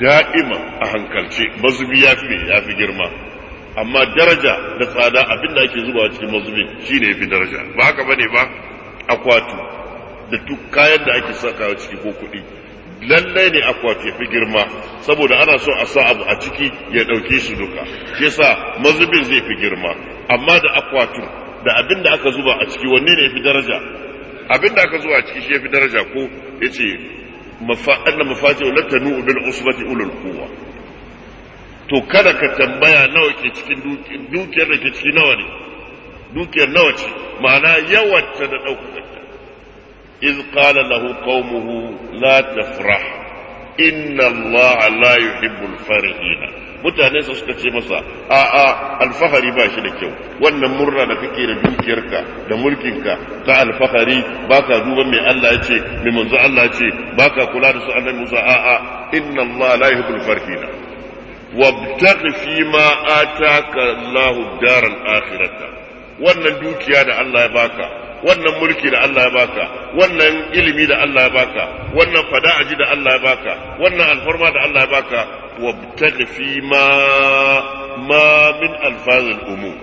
da'ima a hankalce mazubi ya fi ya fi girma amma daraja da tsada abin da ake zubawa cikin mazubi shine ya fi daraja ba haka bane ba akwatu da duk kayan da ake sakawa ciki ko kuɗi lallai ne akwati ya fi girma saboda ana so a sa abu a ciki ya ɗauke shi duka shi yasa mazubin zai fi girma amma da akwatin da abin da aka zuba a ciki wanne ne ya fi daraja abin da aka zuba a ciki shi ya fi daraja ko ya ce anna mafati wa latanu bil usbati ulul quwwa to kada ka tambaya nawa ke cikin dukiyar da ke ciki nawa ne dukiyar nawa ce ma'ana yawanta da ɗaukaka إذ قال له قومه لا تفرح إن الله لا يحب الفرحين mutane su suka ce masa a a alfahari ba shi da kyau wannan murna da kake da dukiyarka da mulkinka ta alfahari ba ka duba mai Allah ya ce mai manzo Allah ya ce ka kula da su annabi Musa a a inna Allah la yuhibbul farhina wabtaghi fi ma ataka Allahu daral akhirata wannan dukiya da Allah ya baka wannan mulki da Allah ya baka wannan ilimi da Allah ya baka wannan fada'aji da Allah ya baka wannan alfarma da Allah ya baka wabtaghi fi ma ma min alfazil umum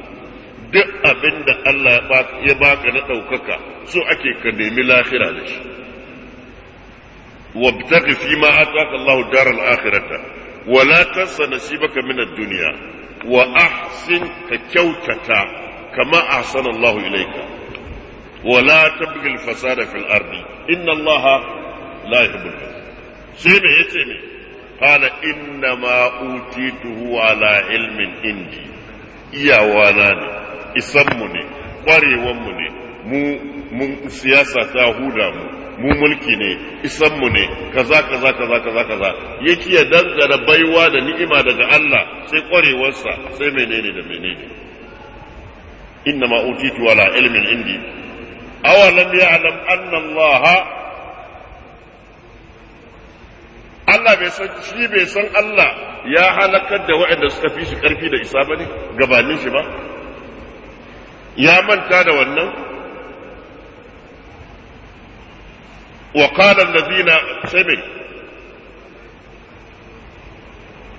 duk abin da Allah ya baka na ɗaukaka so ake ka nemi lahira da shi wabtaghi fi ma ataka Allah daral akhirata wala tansa nasibaka min ad-dunya wa ahsin ka kyautata kama ahsana Allah ilayka wala tabghil fasada fil ardi inna allaha la yuhibbul sai me yace me qala inna ma utituhu ala ilmin indi iyawana ne isanmu ne kwarewanmu ne mu mun siyasa ta huda mu mu mulki ne isanmu ne kaza kaza kaza kaza kaza yake ya dangana baiwa da ni'ima daga Allah sai kwarewarsa sai menene da menene inna ma utitu wala ilmin indi awalam ya'lam anna Allah Allah bai san shi bai san Allah ya halakar da waɗanda suka fi shi ƙarfi da isa bane gabanin shi ba ya manta da wannan wa qala allazina sabi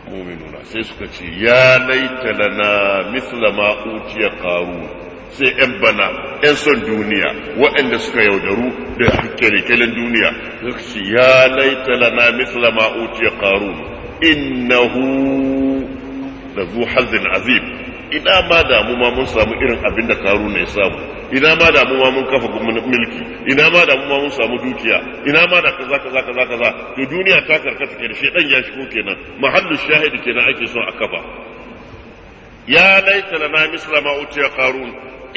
mu'minuna sai suka ce ya laita lana mithla ma utiya qarun sai 'yan bana 'yan son duniya waɗanda suka yaudaru da kyalekyalen duniya su ya laita lana misla ma utiya qarun innahu da zu hazin azib ina ma damu ma mun samu irin abin da karu ne samu ina ma damu ma mun kafa mulki ina ma damu ma mun samu dukiya ina ma da kaza kaza kaza kaza to duniya ta karkata ke da shi dan ya shigo kenan mahallu shahidi kenan ake so a kafa ya laita lana misla ma ya qarun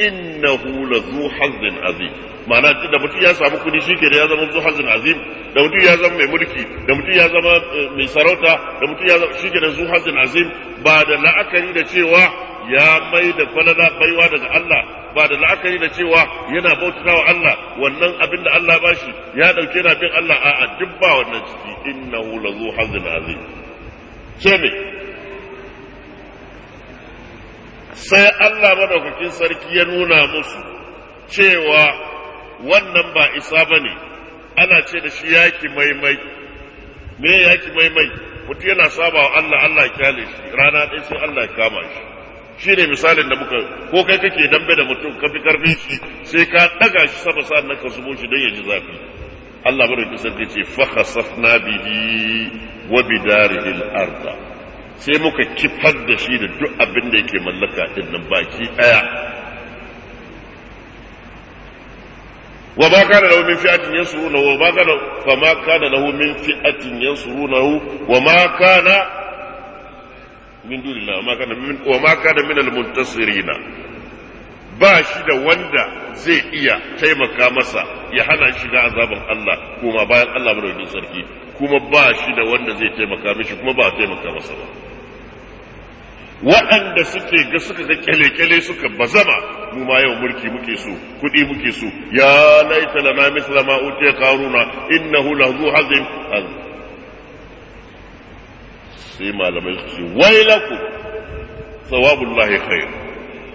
innahu lazu hazzin azim ma'ana da mutum ya samu kudi shi da ya zama zu hazzin azim da mutum ya zama mai mulki da mutum ya zama eh, mai sarauta da mutum ya zama shi da zu hazzin azim ba da la'akari da cewa ya mai da falala baiwa daga Allah ba da la'akari da cewa yana bautawa wa Allah wannan abin da Allah ba shi ya dauke na bin Allah a'a duk ba wannan ciki innahu lazu hazzin azim ce ne. sai Allah madaukakin sarki ya nuna musu cewa wannan ba isa ba ne ana ce da shi yaki maimai me yaki maimai mutum yana saba wa Allah Allah ya kyale shi rana ɗaya sai Allah ya kama shi shi ne misalin da muka ko kai kake dambe da mutum ka fi karfin shi sai ka ɗaga shi sama sa'an na ka zubo shi don ya ji zafi Allah madaukakin sarki ce fa khasafna bihi wa sai muka kifar da shi da duk abin da yake mallaka din nan baki daya wa ba kana lahu min fi'atin yansuruna wa ba kana fa ma kana lahu min fi'atin yansuruna wa ma kana min dunillah wa ma kana min wa ma kana min al-muntasirina ba shi da wanda zai iya taimaka masa ya hana shi da azaban Allah kuma bayan Allah madaukakin sarki kuma ba shi da wanda zai taimaka mishi kuma ba taimaka masa ba waɗanda suke ga suka ga kyale-kyale suka bazama mu ma yau mulki muke so kuɗi muke so ya laita lana misla ma utiya qaruna innahu lahu hazim sai malamai su ce wailaku sawabullahi khair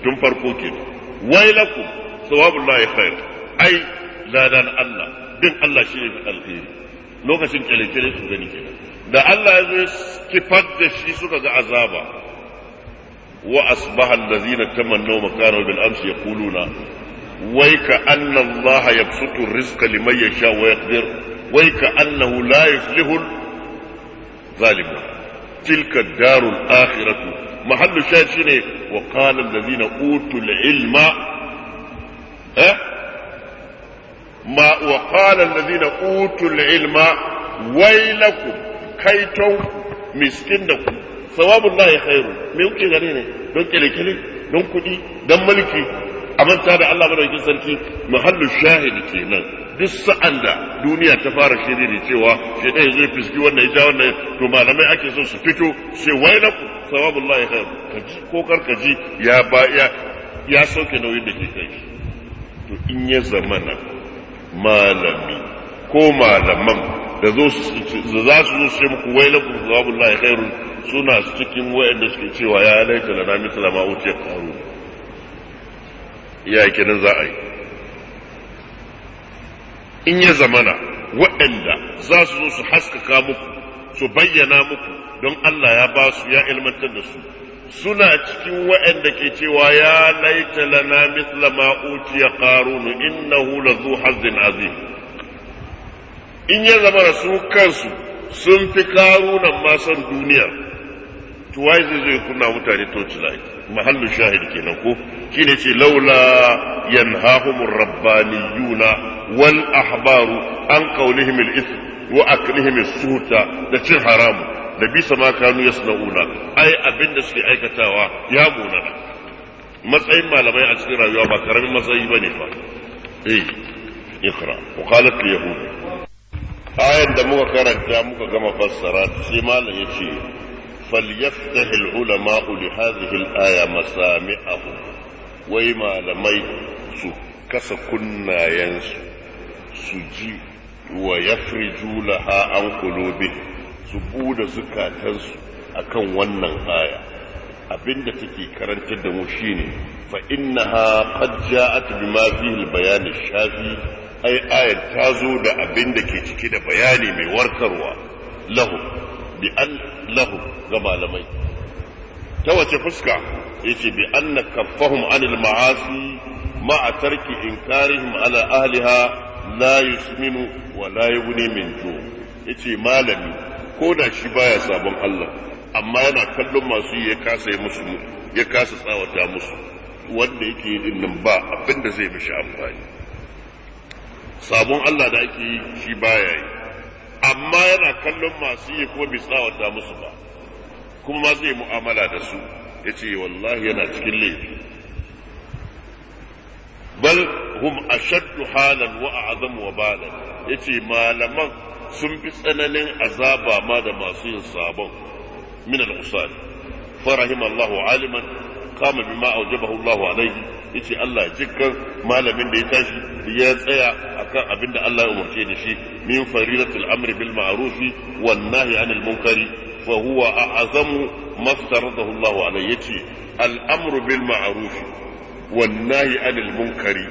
tun farko ke wailaku sawabullahi khair ai ladan Allah din Allah shi ne alheri lokacin kyale-kyale su gani kenan da Allah ya zo kifar da shi suka ga azaba وأصبح الذين تمنوا مكانه بالأمس يقولون ويك أن الله يبسط الرزق لمن يشاء ويقدر ويك أنه لا يفلح الظالمون تلك الدار الآخرة محل شاشنة وقال الذين أوتوا العلم أه؟ ما وقال الذين أوتوا العلم ويلكم كيتوا مسكنكم sawabun lahi khairu me wuce gare ne don kyalekyale don kuɗi don mulki a da Allah madaukakin sarki mahallu shahidi kenan duk sa'an da duniya ta fara shiri da cewa shi zai fiski wannan ya ja wannan to malamai ake so su fito sai wai na ku sawabun lahi khairu kaji kaji ya ba ya ya da za su zo su ce muku wai khairun suna cikin wayanda suke cewa ya laita na mithla ma wuce karu ya kenan za a yi in ya zamana waɗanda za su zo su haskaka muku su bayyana muku don Allah ya ba su ya ilmantar da su suna cikin waɗanda ke cewa ya laita lana mithla ma utiya qarun innahu lazu hazzin azim in ya zama su kansu sun fi karunan masan duniyar to wai zai zo kunna mutane torchlight mahallu shahid kenan ko shine ce laula yanhahumur rabbaniyuna wal ahbaru an qawlihim al ithm wa aklihim as suta da cin haramu da bisa ma kanu yasnauna ai abinda suke aikatawa ya munana matsayin malamai a cikin rayuwa ba karamin matsayi bane fa eh ikra wa qalat al yahud ayan da muka karanta muka gama fassara sai malam yace فليفتح العلماء لهذه الآية مسامعهم وما لمي سكس كنا ينسو سجي ويفرجوا لها عن قلوبهم su buɗe zukatansu a kan wannan aya abinda take karantar da mu shine fa innaha qad ja'at bima fihi al-bayan shafi ai ayar ta zo da abinda ke cike da bayani mai warkarwa lahu bi an lahu ga malamai ta wace fuska yace bi anna kaffahum anil ma'asi ma'a tarki inkarihim ala ahliha la yusminu wa la yuni min ju yace malami ko da shi baya sabon Allah amma yana kallon masu ya kasa yi musu ya kasa tsawata musu wanda yake yi dinnan ba abinda zai mishi amfani sabon Allah da ake yi shi baya yi amma yana kallon masu yi kuma bai tsawata musu ba kuma ma zai mu'amala da su ya ce wallahi yana cikin laifi bal hum ashaddu halan wa a'zamu wa balan yace malaman sun fi tsananin azaba ma da masu yin sabon min al-usali farahim Allahu aliman qama bima aujabahu Allah alaihi yace Allah jikkan malamin da ya tashi ya tsaya akan abin da Allah ya umarce da shi min faridatul amri bil ma'ruf wan nahyi anil munkari fa huwa a'zamu maftaradahu Allah alaihi yace al amru bil ma'ruf wan nahyi anil munkari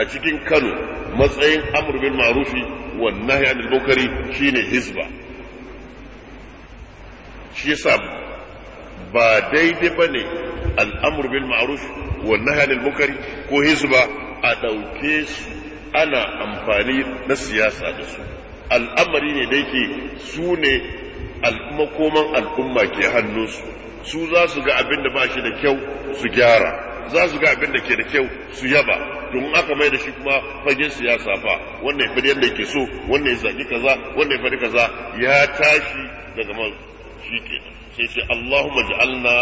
a cikin Kano matsayin amru bil ma'ruf wan nahyi anil munkari shine Hisba shi yasa ba daidai ba ne al'amur bin ma'aruf wa nahy bukari ko ba a ɗauke su ana amfani na siyasa da su al'amari ne da yake su ne al’umakoman al'umma ke hannunsu su za su ga abin da ba shi da kyau su gyara za su ga abin da ke da kyau su yaba don aka mai da shi kuma fagen siyasa fa wannan ya yadda ke so wannan zaki kaza wannan fari kaza ya tashi daga mazu shi kenan sai ce Allahumma ja'alna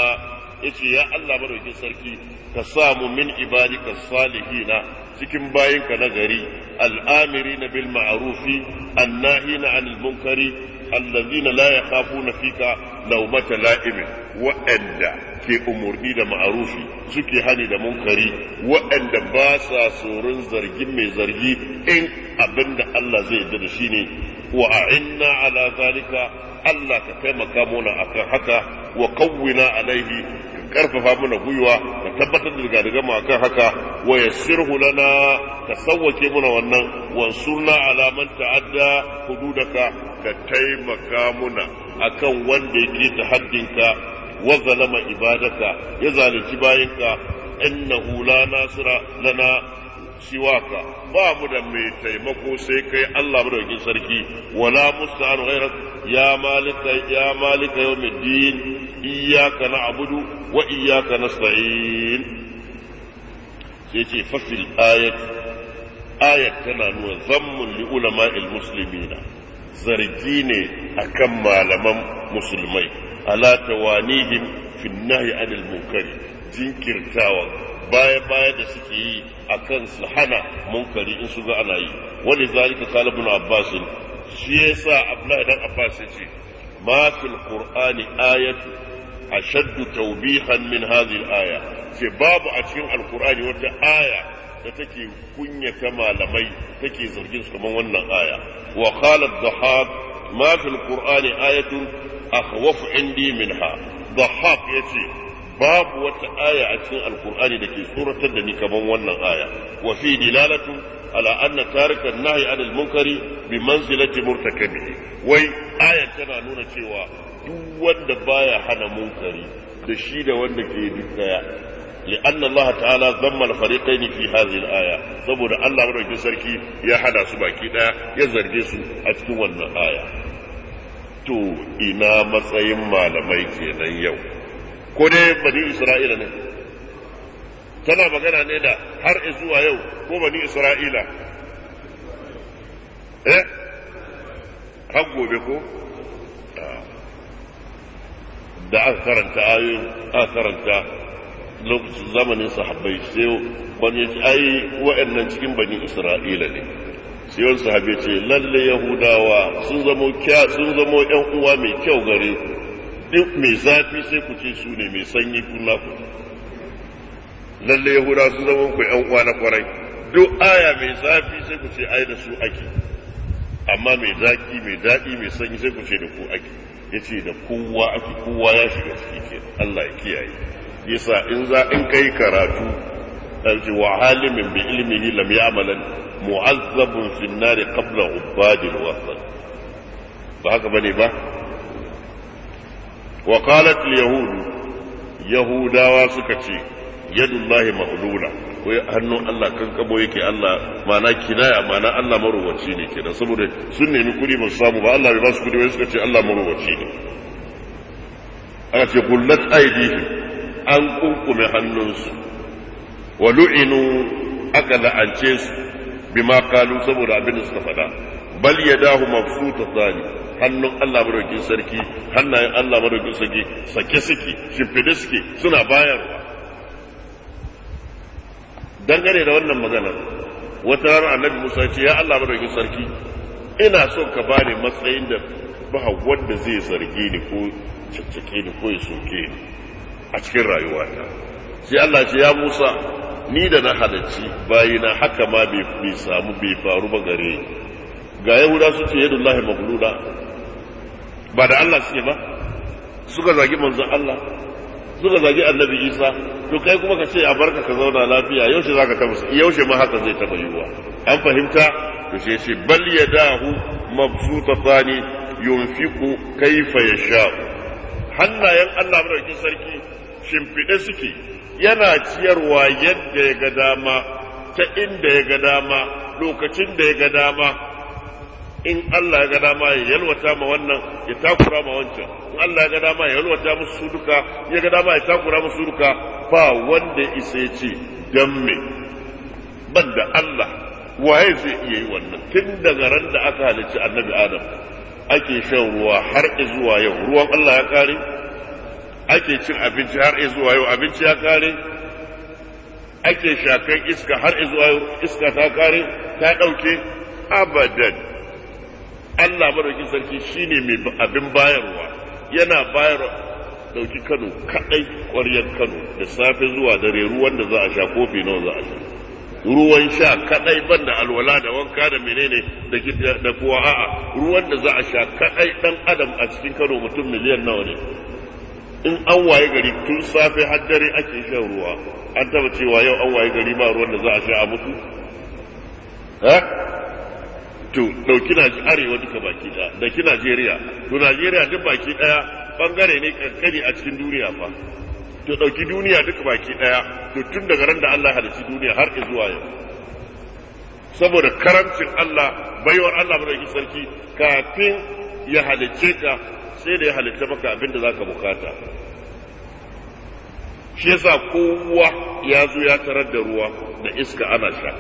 yace ya Allah madaukin sarki ka samu min ibadika salihina cikin bayinka na gari al'amirina bil ma'rufi annahina 'anil munkari allazina la yakhafuna fika lawmata la'im wa'anda ke umarni da ma'arufi suke hani da munkari waɗanda ba sa tsoron zargin mai zargi in abin da Allah zai yarda da shi ne wa a'inna ala zalika Allah ka taimaka mana akan haka wa kawwina alaihi ka karfafa mana gwiwa ka tabbatar da daga mu akan haka wa yassirhu lana ka sawwake mana wannan wansurna ala man ta'adda hududaka ka taimaka mana akan wanda yake ta haddinka wa zalama ibadaka ya zalunci bayinka innahu la nasira lana siwaka ba mu da mai taimako sai kai Allah madaukakin sarki wala musta'an ghayra ya malika ya malika yawmiddin iyyaka na'budu wa iyyaka nasta'in sai ce fasil ayat ayat tana nuna zammun li ulama'il muslimina zargi ne akan malaman musulmai ala tawanihim fi nahyi anil munkari jinkirtawa baya baya da suke yi akan su hana munkari in su ga ana yi wani zalika kala ibn abbas shi yasa abdullahi dan abbas yace ma fil qur'ani ayatu ashaddu tawbihan min hadhihi aya ce babu a cikin alqur'ani wata aya da take kunyata malamai take zargin su kamar wannan aya wa qala ما في القرآن آية أخوف عندي منها ضحاك يتي باب وتآية أتي القرآن لكي سورة دني كمان ونن آية وفي دلالة على أن تارك النهي عن المنكر بمنزلة مرتكبه وي آية تنا نونا cewa duk wanda baya hana munkari da shi da wanda ke duk daya لأن الله تعالى ذم الفريقين في هذه الآية saboda Allah madaukakin sarki ya hada su baki ɗaya ya zarge su a cikin wannan aya to ina matsayin malamai kenan yau ko dai bani Isra'ila ne tana magana ne da har zuwa yau ko bani Isra'ila eh har gobe ko da aka karanta ayoyin aka karanta lokacin zamanin sahabbai sai wani ai wa'annan cikin bani isra'ila ne sai wani sahabbai ce lalle yahudawa sun zamo kya sun zamo yan uwa mai kyau gare ku duk mai zafi sai ku ce su ne mai sanyi kuna ku lalle yahudawa sun zamo ku yan uwa na kwarai duk aya mai zafi sai ku ce ai da su ake amma mai zaki mai daɗi mai sanyi sai ku ce da ku ake yace da kowa ake kowa ya shiga ciki Allah ya kiyaye yasa in za in kai karatu alji wa halimin bi ilmihi lam ya'malan mu'azzabun fi an-nar qabla ubadil wasl ba haka bane ba wa qalat al-yahud yahudawa suka ce yadullahi mahdula ko hannu Allah kan kabo yake Allah mana kinaya mana Allah maruwaci ne kenan saboda sun nemi kudi ba samu ba Allah bai ba su kudi ba suka ce Allah maruwaci ne aka ce kullat aydihim an kunkume hannunsu wa lu'inu aka la'ance su bima kalu saboda abin da suka faɗa bal yadahu mabsuta tsani hannun Allah madaukin sarki hannayen Allah madaukin sarki sake suke shimfide suke suna bayarwa dangane da wannan maganar wata rana annabi Musa ce ya Allah madaukin sarki ina son ka bani matsayin da ba wanda zai zarge ni ko ciccike ni ko ya soke ni a cikin rayuwata sai Allah ce ya Musa ni da na halarci bayina haka ma bai samu bai faru ba gare ga yahuda su ce yadullahi maglula ba da Allah suke ba suka zagi manzon Allah suka zagi annabi Isa to kai kuma ka ce a barka ka zauna lafiya yaushe zaka ta yaushe ma haka zai taba yiwuwa an fahimta to shi ce bal yadahu mabsutatani yunfiqu kaifa yasha hannayen Allah mai sarki shimfiɗe suke yana ciyarwa yadda ya ga dama ta inda ya ga dama lokacin da ya ga dama in Allah ya ga dama ya yalwata ma wannan ya takura ma wancan in Allah ya ga dama ya yalwata musu su duka ya ga dama ya takura musu su duka ba wanda isa ya ce dan me da Allah waye zai iya yi wannan tun daga ran da aka halicci annabi Adam ake shan ruwa har zuwa yau ruwan Allah ya kare ake cin abinci har zuwa yau abinci ya kare ake shakar iska har zuwa yau iska ta kare ta ɗauke abadan Allah madaukin sarki shine mai abin bayarwa yana bayar ɗauki Kano kaɗai ƙwaryar Kano da safe zuwa dare ruwan da za a sha kofi nawa za a sha ruwan sha kadai banda alwala da wanka da menene da kowa a'a ruwan da za a sha kaɗai ɗan adam a cikin Kano mutum miliyan nawa ne in an waye gari tun safe har dare ake shan ruwa an taba cewa yau an waye gari ba ruwan da za a sha a mutu to dauki na arewa duka baki daya da Najeriya to Najeriya duk baki daya bangare ne kankani a cikin duniya fa to dauki duniya duka baki daya to tun daga ran da Allah halicci duniya har zuwa yau saboda karamcin Allah baiwar Allah mai sarki kafin ya halicce ta sai da ya halitta maka abinda za ka bukata shi yasa kowa ya zo ya tarar da ruwa da iska ana sha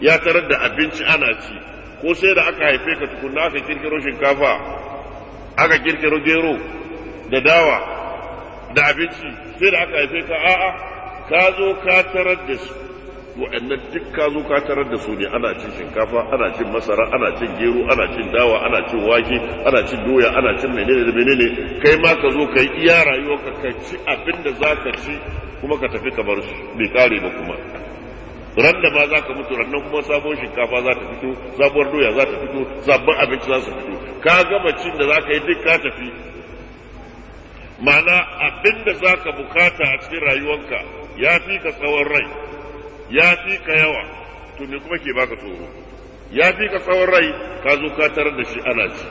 ya tarar da abinci ana ci ko sai da aka haife ka tukunna aka kirkiro shinkafa aka kirkiro gero da dawa da abinci sai da aka haife ka a'a ka zo ka tarar da su waɗannan duk ka zo ka tarar da su ne ana cin shinkafa ana cin masara ana cin gero ana cin dawa ana cin wake ana cin doya ana cin menene da menene kai ma ka zo kai iya rayuwa ka ka ci abin da za ka ci kuma ka tafi kamar shi bai kare ba kuma ran da ma za ka mutu ran kuma sabon shinkafa za ta fito sabuwar doya za ta fito sabon abinci za su fito ka gama cin da za ka yi duk ka tafi ma'ana abin da za ka bukata a cikin rayuwanka ya fi ka tsawon rai ya fi ka yawa to me kuma ke baka tsoro ya fi ka tsawon rai ka zo ka tarar da shi ana ci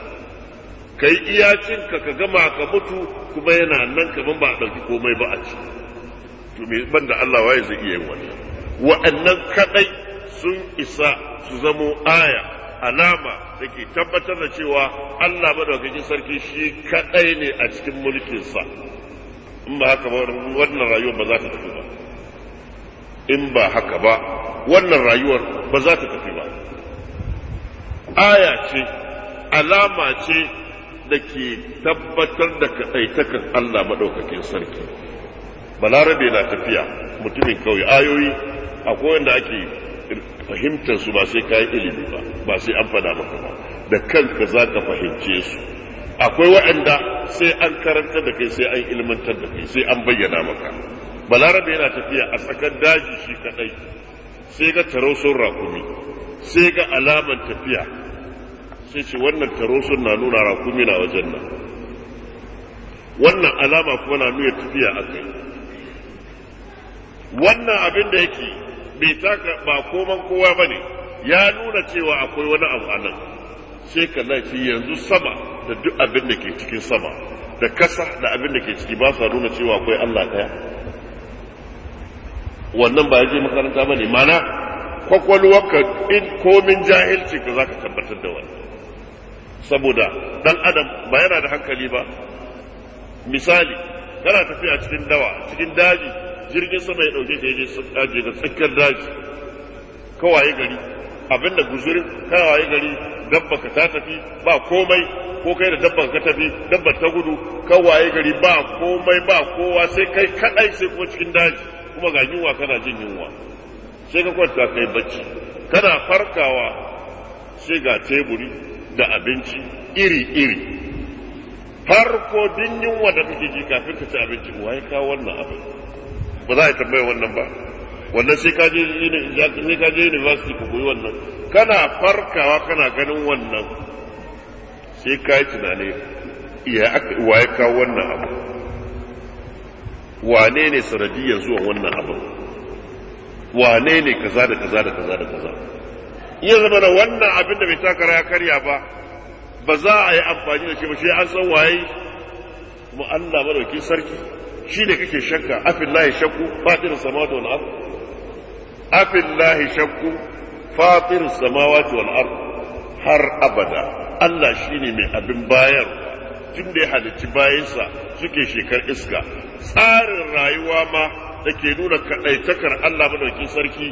kai iyacin ka ka gama ka mutu kuma yana nan kaman ba a ɗauki komai ba a ci to me banda Allah waye zai iya yin wannan wa'annan kadai sun isa su zamo aya alama da ke tabbatar da cewa Allah madaukakin sarki shi kadai ne a cikin mulkinsa in ba haka wannan rayuwar ba za ta tafi ba in ba haka ba wannan rayuwar ba za ta tafi ba aya ce alama ce da ke tabbatar da kaɗaitakan Allah maɗaukakin sarki balarabe na tafiya mutumin kawai. ayoyi akwai wanda ake fahimtar su ba sai kayan ilimi ba ba sai an fada maka ba da kanka za ka fahimce su akwai waɗanda sai an karanta da kai sai an ilmantar da kai sai an bayyana maka balarabe yana tafiya a tsakar daji shi kadai sai ga tarosun rakumi sai ga alaman tafiya sai ce wannan tarosun na nuna rakumi na wajen nan wannan alama kuma na nuna tafiya a kai wannan abin da yake bai taka ba koman kowa ba ne ya nuna cewa akwai wani abu a nan sai ka laifi yanzu sama da duk abin da ke cikin sama da kasa da abin da ke ciki ba sa nuna cewa akwai allah ɗaya wannan ba ya je makaranta ba ne mana kwakwalwa in komin jahilci ka za ka tabbatar da wani saboda dan adam ba yana da hankali ba misali kana tafiya cikin dawa cikin daji jirgin sama ya dauke da yaje daji da tsakiyar daji kawaye gari abinda guzurin kawaye gari dabba ka ta tafi ba komai ko kai da dabban ka tafi dabba ta gudu kawaye gari ba komai ba kowa sai kai kadai sai kuma cikin daji kuma ga yunwa kana jin yunwa sai ka kwanta kai bacci kana farkawa sai ga teburi da abinci iri-iri farko din yunwa da kake ji kafin ka ci abinci waye ka wannan abin ba za a tambaye wannan ba wannan sai ka je sai ka je university ku koyi wannan kana farkawa kana ganin wannan sai ka yi tunani ya waye ka wannan abu wane ne sanadiyar zuwa wannan abin wane ne kaza da kaza da kaza da kaza iya zama da wannan abin da bai takara ya karya ba ba za a yi amfani da shi ba shi an san waye mu Allah madauki sarki shi ne kake shakka afin lahi shakku fatirin samawati wal ard afin lahi shakku fatirin samawati wal ard har abada Allah shine mai abin bayarwa tun da ya halitti bayansa suke shekar iska tsarin rayuwa ma da ke nuna kaɗaitakar Allah madaukin sarki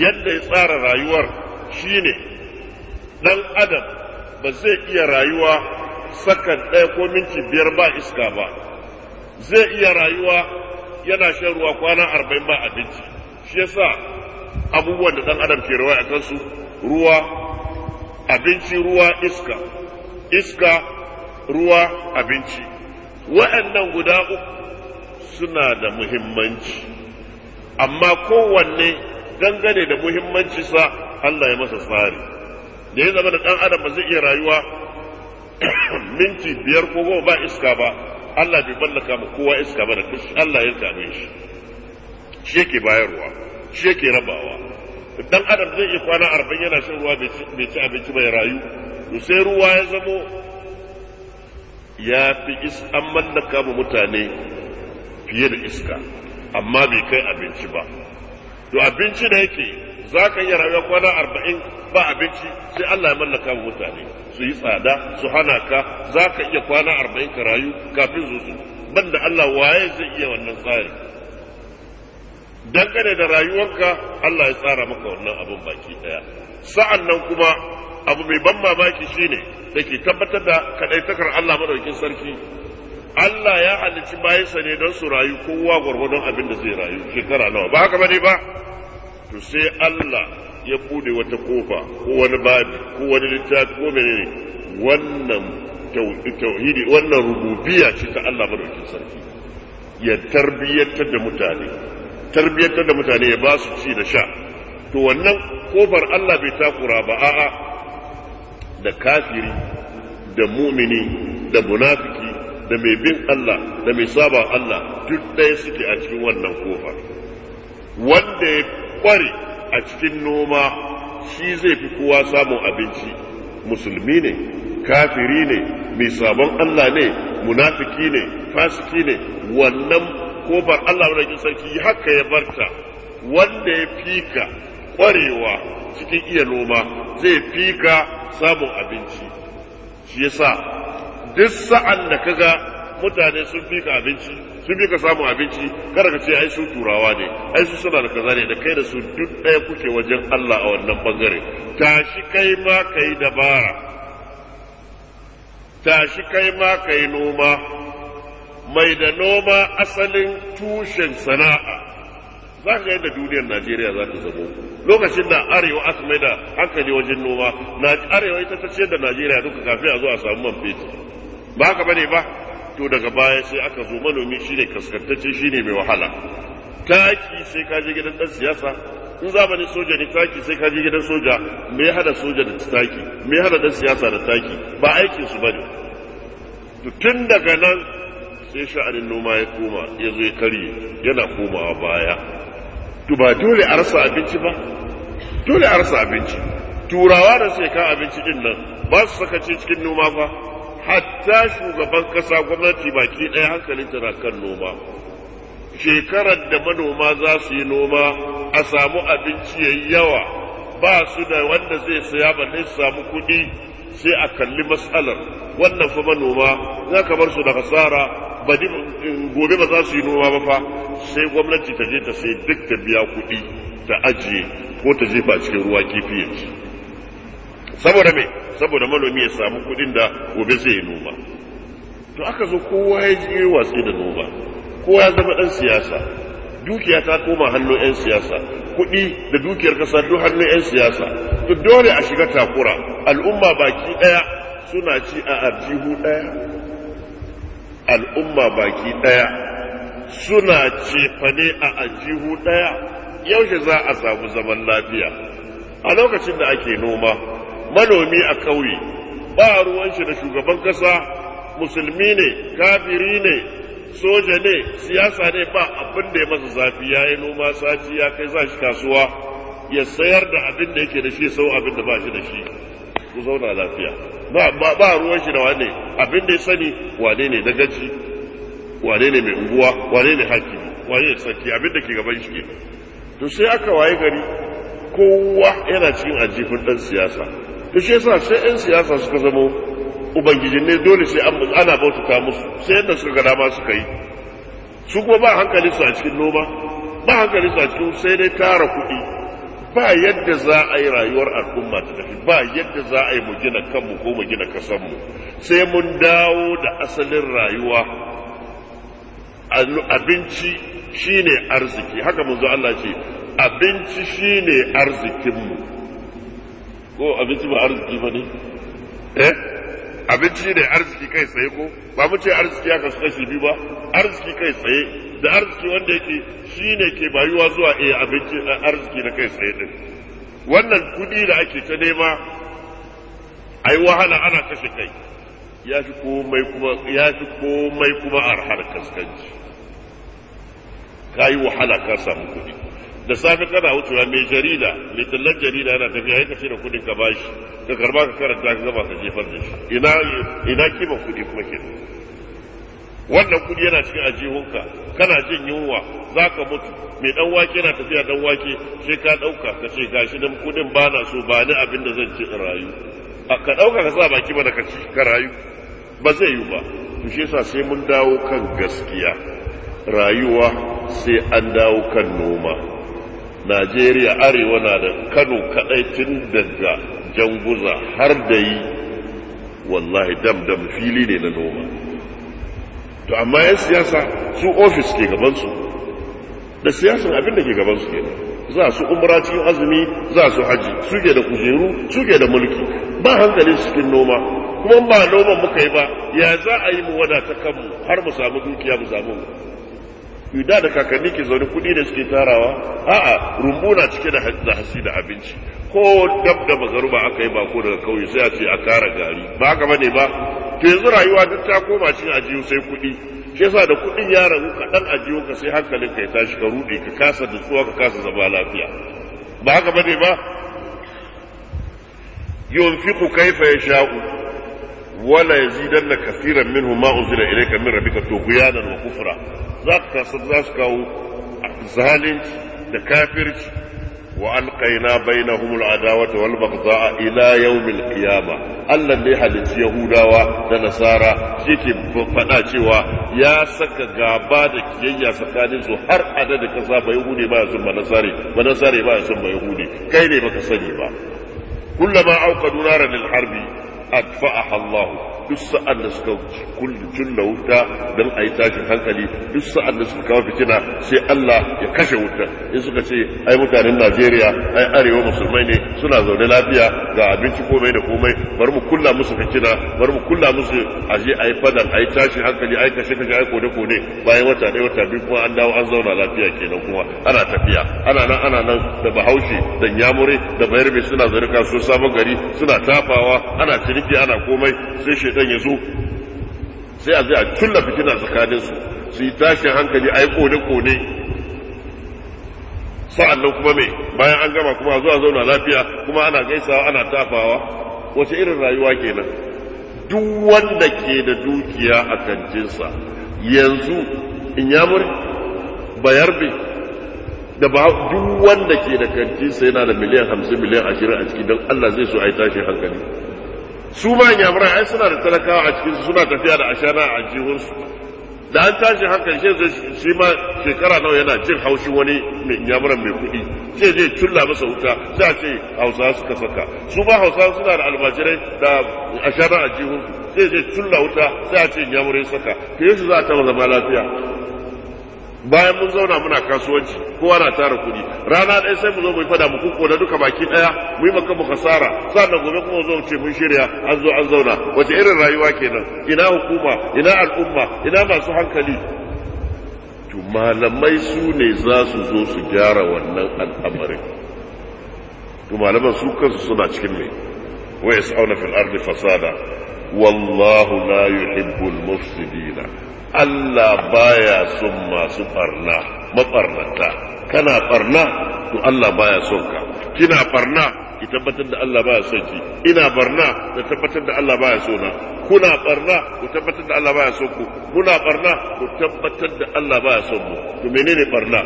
yadda ya tsara rayuwar shine ɗan adam ba zai iya rayuwa sakan ɗaya ko minti biyar ba iska ba zai iya rayuwa yana shan ruwa kwana arba'in ba abinci shi yasa abubuwan da ɗan adam ke rawa a kansu ruwa abinci ruwa iska iska ruwa abinci waɗannan guda uku suna da muhimmanci amma kowanne dangane da sa Allah ya masa tsari da ya zama da ɗan adam ba zai iya rayuwa minti biyar ko goma ba iska ba Allah bai mallaka ma kowa iska ba da kashi Allah ya kame shi shi yake bayarwa shi yake rabawa dan adam zai iya kwana arba'in yana shan ruwa bai ci abinci bai rayu sai ruwa ya zamo ya fi is an mallaka mu mutane fiye da iska amma bai kai abinci ba to abinci da yake za ka iya rayuwa kwana arba'in ba abinci sai Allah ya mallaka mu mutane su yi tsada su hana ka za ka iya kwana arba'in ka rayu kafin zuzu banda Allah waye zai iya wannan tsari dangane da rayuwarka Allah ya tsara maka wannan abun baki daya sa'an nan kuma abu mai ban mamaki shine da ke tabbatar da kaɗaitakar Allah madaukin sarki Allah ya halicci bayansa ne don su rayu kowa gwargwadon abin da zai rayu shekara nawa ba haka bane ba to sai Allah ya bude wata kofa ko wani babi ko wani littafi ko menene wannan tauhidi wannan rububiyya ce ta Allah madaukin sarki ya tarbiyyantar da mutane tarbiyyantar da mutane ya ba su ci da sha to wannan kofar Allah bai takura ba a'a da kafiri da mumini da munafiki da mai bin Allah da mai sabon Allah duk ɗaya suke a cikin wannan kofar. wanda ya kware a cikin noma shi zai fi kowa samun abinci musulmi ne kafiri ne mai sabon Allah ne munafiki ne fasiki ne wannan kofar Allah wadda sarki haka ya barta wanda ya fika kwarewa cikin iya noma zai fi ka samun abinci shi yasa duk sa'an da kaga mutane sun fi ka abinci sun fi samun abinci kada ka ce ai su turawa ne ai su suna da kaza ne da kai da su duk ɗaya kuke wajen Allah a wannan bangare tashi kai ma kai dabara tashi kai ma kai noma mai da noma asalin tushen sana'a za ka ga yadda duniyar najeriya za ta zamo lokacin da arewa aka mai da hankali wajen noma na arewa ita ta ce da najeriya duka kafin a zo a samu man fetur ba haka bane ba to daga baya sai aka zo manomi shine kaskantacce shine mai wahala taki sai ka je gidan dan siyasa in zamanin soja ne taki sai ka je gidan soja me ya hada soja da taki me ya hada dan siyasa da taki ba aikin su bane to tun daga nan sai sha'anin noma ya koma ya zo ya karye yana komawa baya ba dole a rasa abinci ba dole a rasa abinci turawa da suke kan abinci din nan ba su saka sakaci cikin noma ba hatta shugaban kasa gwamnati baki ɗaya hankalin tana kan noma shekarar da manoma za su yi noma a samu abinci yayi yawa ba su da wanda zai saya ne su samu kuɗi sai a kalli matsalar wannan fa manoma za ka bar su da hasara gobe ba za su yi noma ba fa sai gwamnati ta je ta sai duk ta biya kuɗi ta ajiye ko ta jefa cikin ruwa kifi ya ci saboda me saboda manomi ya samu kuɗin da gobe zai yi noma to aka zo kowa ya je watsi da noma kowa ya zama ɗan siyasa dukiya ta koma hannun 'yan siyasa kuɗi da dukiyar ƙasa duk hannun 'yan siyasa to dole a shiga takura al'umma baki ɗaya suna ci a arjihu ɗaya al'umma baki ɗaya suna cefane a ajihu ɗaya yaushe za a samu zaman lafiya a lokacin da ake noma manomi a ƙauye ba ruwan shi da shugaban ƙasa musulmi ne kafiri ne soja ne siyasa ne ba abin da ya masa zafi ya yi noma sati ya kai za shi kasuwa ya sayar da abin da yake da shi sau abin da ba shi da shi ku zauna lafiya ba ruwan shi da wane abin da ya sani wane ne da gaji wane ne mai unguwa wane ne hakimi wane ne tsaki abin da ke gaban shi ke to sai aka waye gari kowa yana cikin ajifin dan siyasa to shi yasa sai yan siyasa suka zama ubangijin ne dole sai ana baututa musu sai yadda suka ga dama suka yi su kuma ba su a cikin noma ba su a cikin sai dai tara kuɗi ba yadda za a yi rayuwar al'umma ta tafi ba yadda za a yi mu gina kanmu ko mu gina kasanmu sai mun dawo da asalin rayuwa abinci shine arziki haka mun zo Allah ce abinci shine arzikinmu ko abinci ba arziki ba ne eh abinci ne arziki kai tsaye ko ba mu ce arziki aka suka shi bi ba arziki kai tsaye da arziki wanda yake shi ne ke bayuwa zuwa iya eh, abinci a eh, arziki na kai tsaye din wannan kudi da ake ta nema a yi wahala ana kashe kai ya fi komai kuma ya fi komai kuma a har kaskanci ka yi wahala ka samu kudi da safe kana wucewa mai jarida mai tallan jarida yana tafiya ya kashe da kudin ka bashi ka karba ka karanta ka gaba ka jefar da shi ina ina kima kudi kuma kenan wannan kudi yana cikin ajihunka kana jin yunwa za ka mutu mai dan wake na tafiya dan wake sai ka dauka ka ce gashi dan kudin ba na so ba ni abin da zan ci in rayu ka dauka ka sa baki ba da ka ci ka rayu ba zai yi ba to shi yasa sai mun dawo kan gaskiya rayuwa sai an dawo kan noma Najeriya arewa na da Kano kadai tun daga janguza har da yi wallahi dam dam fili ne na noma to amma yan siyasa su ofis ke gabansu da siyasan abin da ke gabansu ke za su umra cikin azumi za su haji suke da kujeru suke da mulki ba hankalin cikin noma kuma ba noman muka yi ba ya za a yi mu ta kanmu har mu samu dukiya mu samu yuda da kakanni ke zaune kudi da suke tarawa a'a rumbu na cike da hasi da abinci ko dab da ba aka yi ba ko daga kauye sai a ce a kara gari ba haka bane ba to yanzu rayuwa duk ta koma cin ajiyu sai kuɗi shi yasa da kuɗin ya ragu kaɗan ajiyo ka sai hankalin ka ya tashi ka ruɗe ka kasa nutsuwa ka kasa zama lafiya ba haka bane ba yunfiqu kaifa yasha'u wala yazidanna min huma ma idan ka min rabbika tughyanan wa kufra za ka za su kawo zalinci da kafirci وألقينا بينهم العداوة والبغضاء إلى يوم القيامة الله ne halicci Yahudawa da Nasara shi ke faɗa cewa ya saka gaba da kiyayya tsakaninsu su har adadin kasa ba Yahudi ba ya son ba Nasare ba Nasare ba ya son ba Yahudi kai ne baka sani ba kullama au Kaduna lil harbi adfa'aha Allah duk sa'an suka kulla wuta don a yi tashin hankali duk sa'an da suka kawo fitina sai Allah ya kashe wuta in suka ce ai mutanen Najeriya ai arewa musulmai ne suna zaune lafiya ga abinci komai da komai bari mu kulla musu fitina bari mu kulla musu aje ai fadan ai tashin hankali ai kashe kashe ai kone kone bayan wata ɗaya wata biyu kuma an dawo an zauna lafiya kenan kuma ana tafiya ana nan ana nan da bahaushe da nyamure da bayarbe suna zaune kasuwar sabon gari suna tafawa ana cire zikiri ana komai sai shaidan ya zo sai a zaya a fitina tsakaninsu su yi tashin hankali a yi kone-kone sa'annan kuma mai bayan an gama kuma zuwa zauna lafiya kuma ana gaisawa ana tafawa wace irin rayuwa kenan duk wanda ke da dukiya a kantinsa yanzu in bayar bi da ba duk wanda ke da kantinsa yana da miliyan hamsin miliyan ashirin a ciki don allah zai so a yi tashin hankali su ma yamuran ai suna da talakawa a cikinsu suna tafiya da ashana a jihunsu da an tashi hankali shi zai shi ma shekara nawa yana jin haushin wani mai yamuran mai kuɗi shi zai culla masa wuta sai a ce hausa suka saka su ma hausa suna da almajirai da ashana a jihunsu sai zai culla wuta sai a ce yamurai saka to su za a taɓa zama lafiya bayan mun zauna muna kasuwanci kowa na tara kuɗi rana ɗaya sai mu zo mu fada mu kuko da duka baki ɗaya mu yi maka mu kasara sannan gobe kuma zo mu ce mun shirya an zo an zauna wace irin rayuwa kenan ina hukuma ina al'umma ina masu hankali to malamai su ne za su zo su gyara wannan al'amarin to malaman su kansu suna cikin mai. wa yas'auna fil ardi fasada wallahu la yuhibbul mufsidina Allah baya son masu farna mafarnata kana farna to Allah baya son ka kina farna ki tabbatar da Allah baya son ki ina farna da tabbatar da Allah baya son na kuna farna ku tabbatar da Allah baya son ku muna farna ku tabbatar da Allah baya son mu to menene farna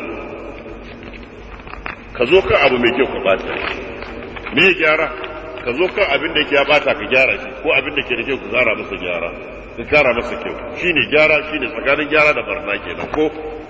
ka zo ka abu mai kyau ka bata me gyara ka zo kan abin da yake ya bata ka gyara shi ko abin da ke da kyau ku zara masa gyara ka gyara masa kyau shine gyara shine tsakanin gyara da barna kenan ko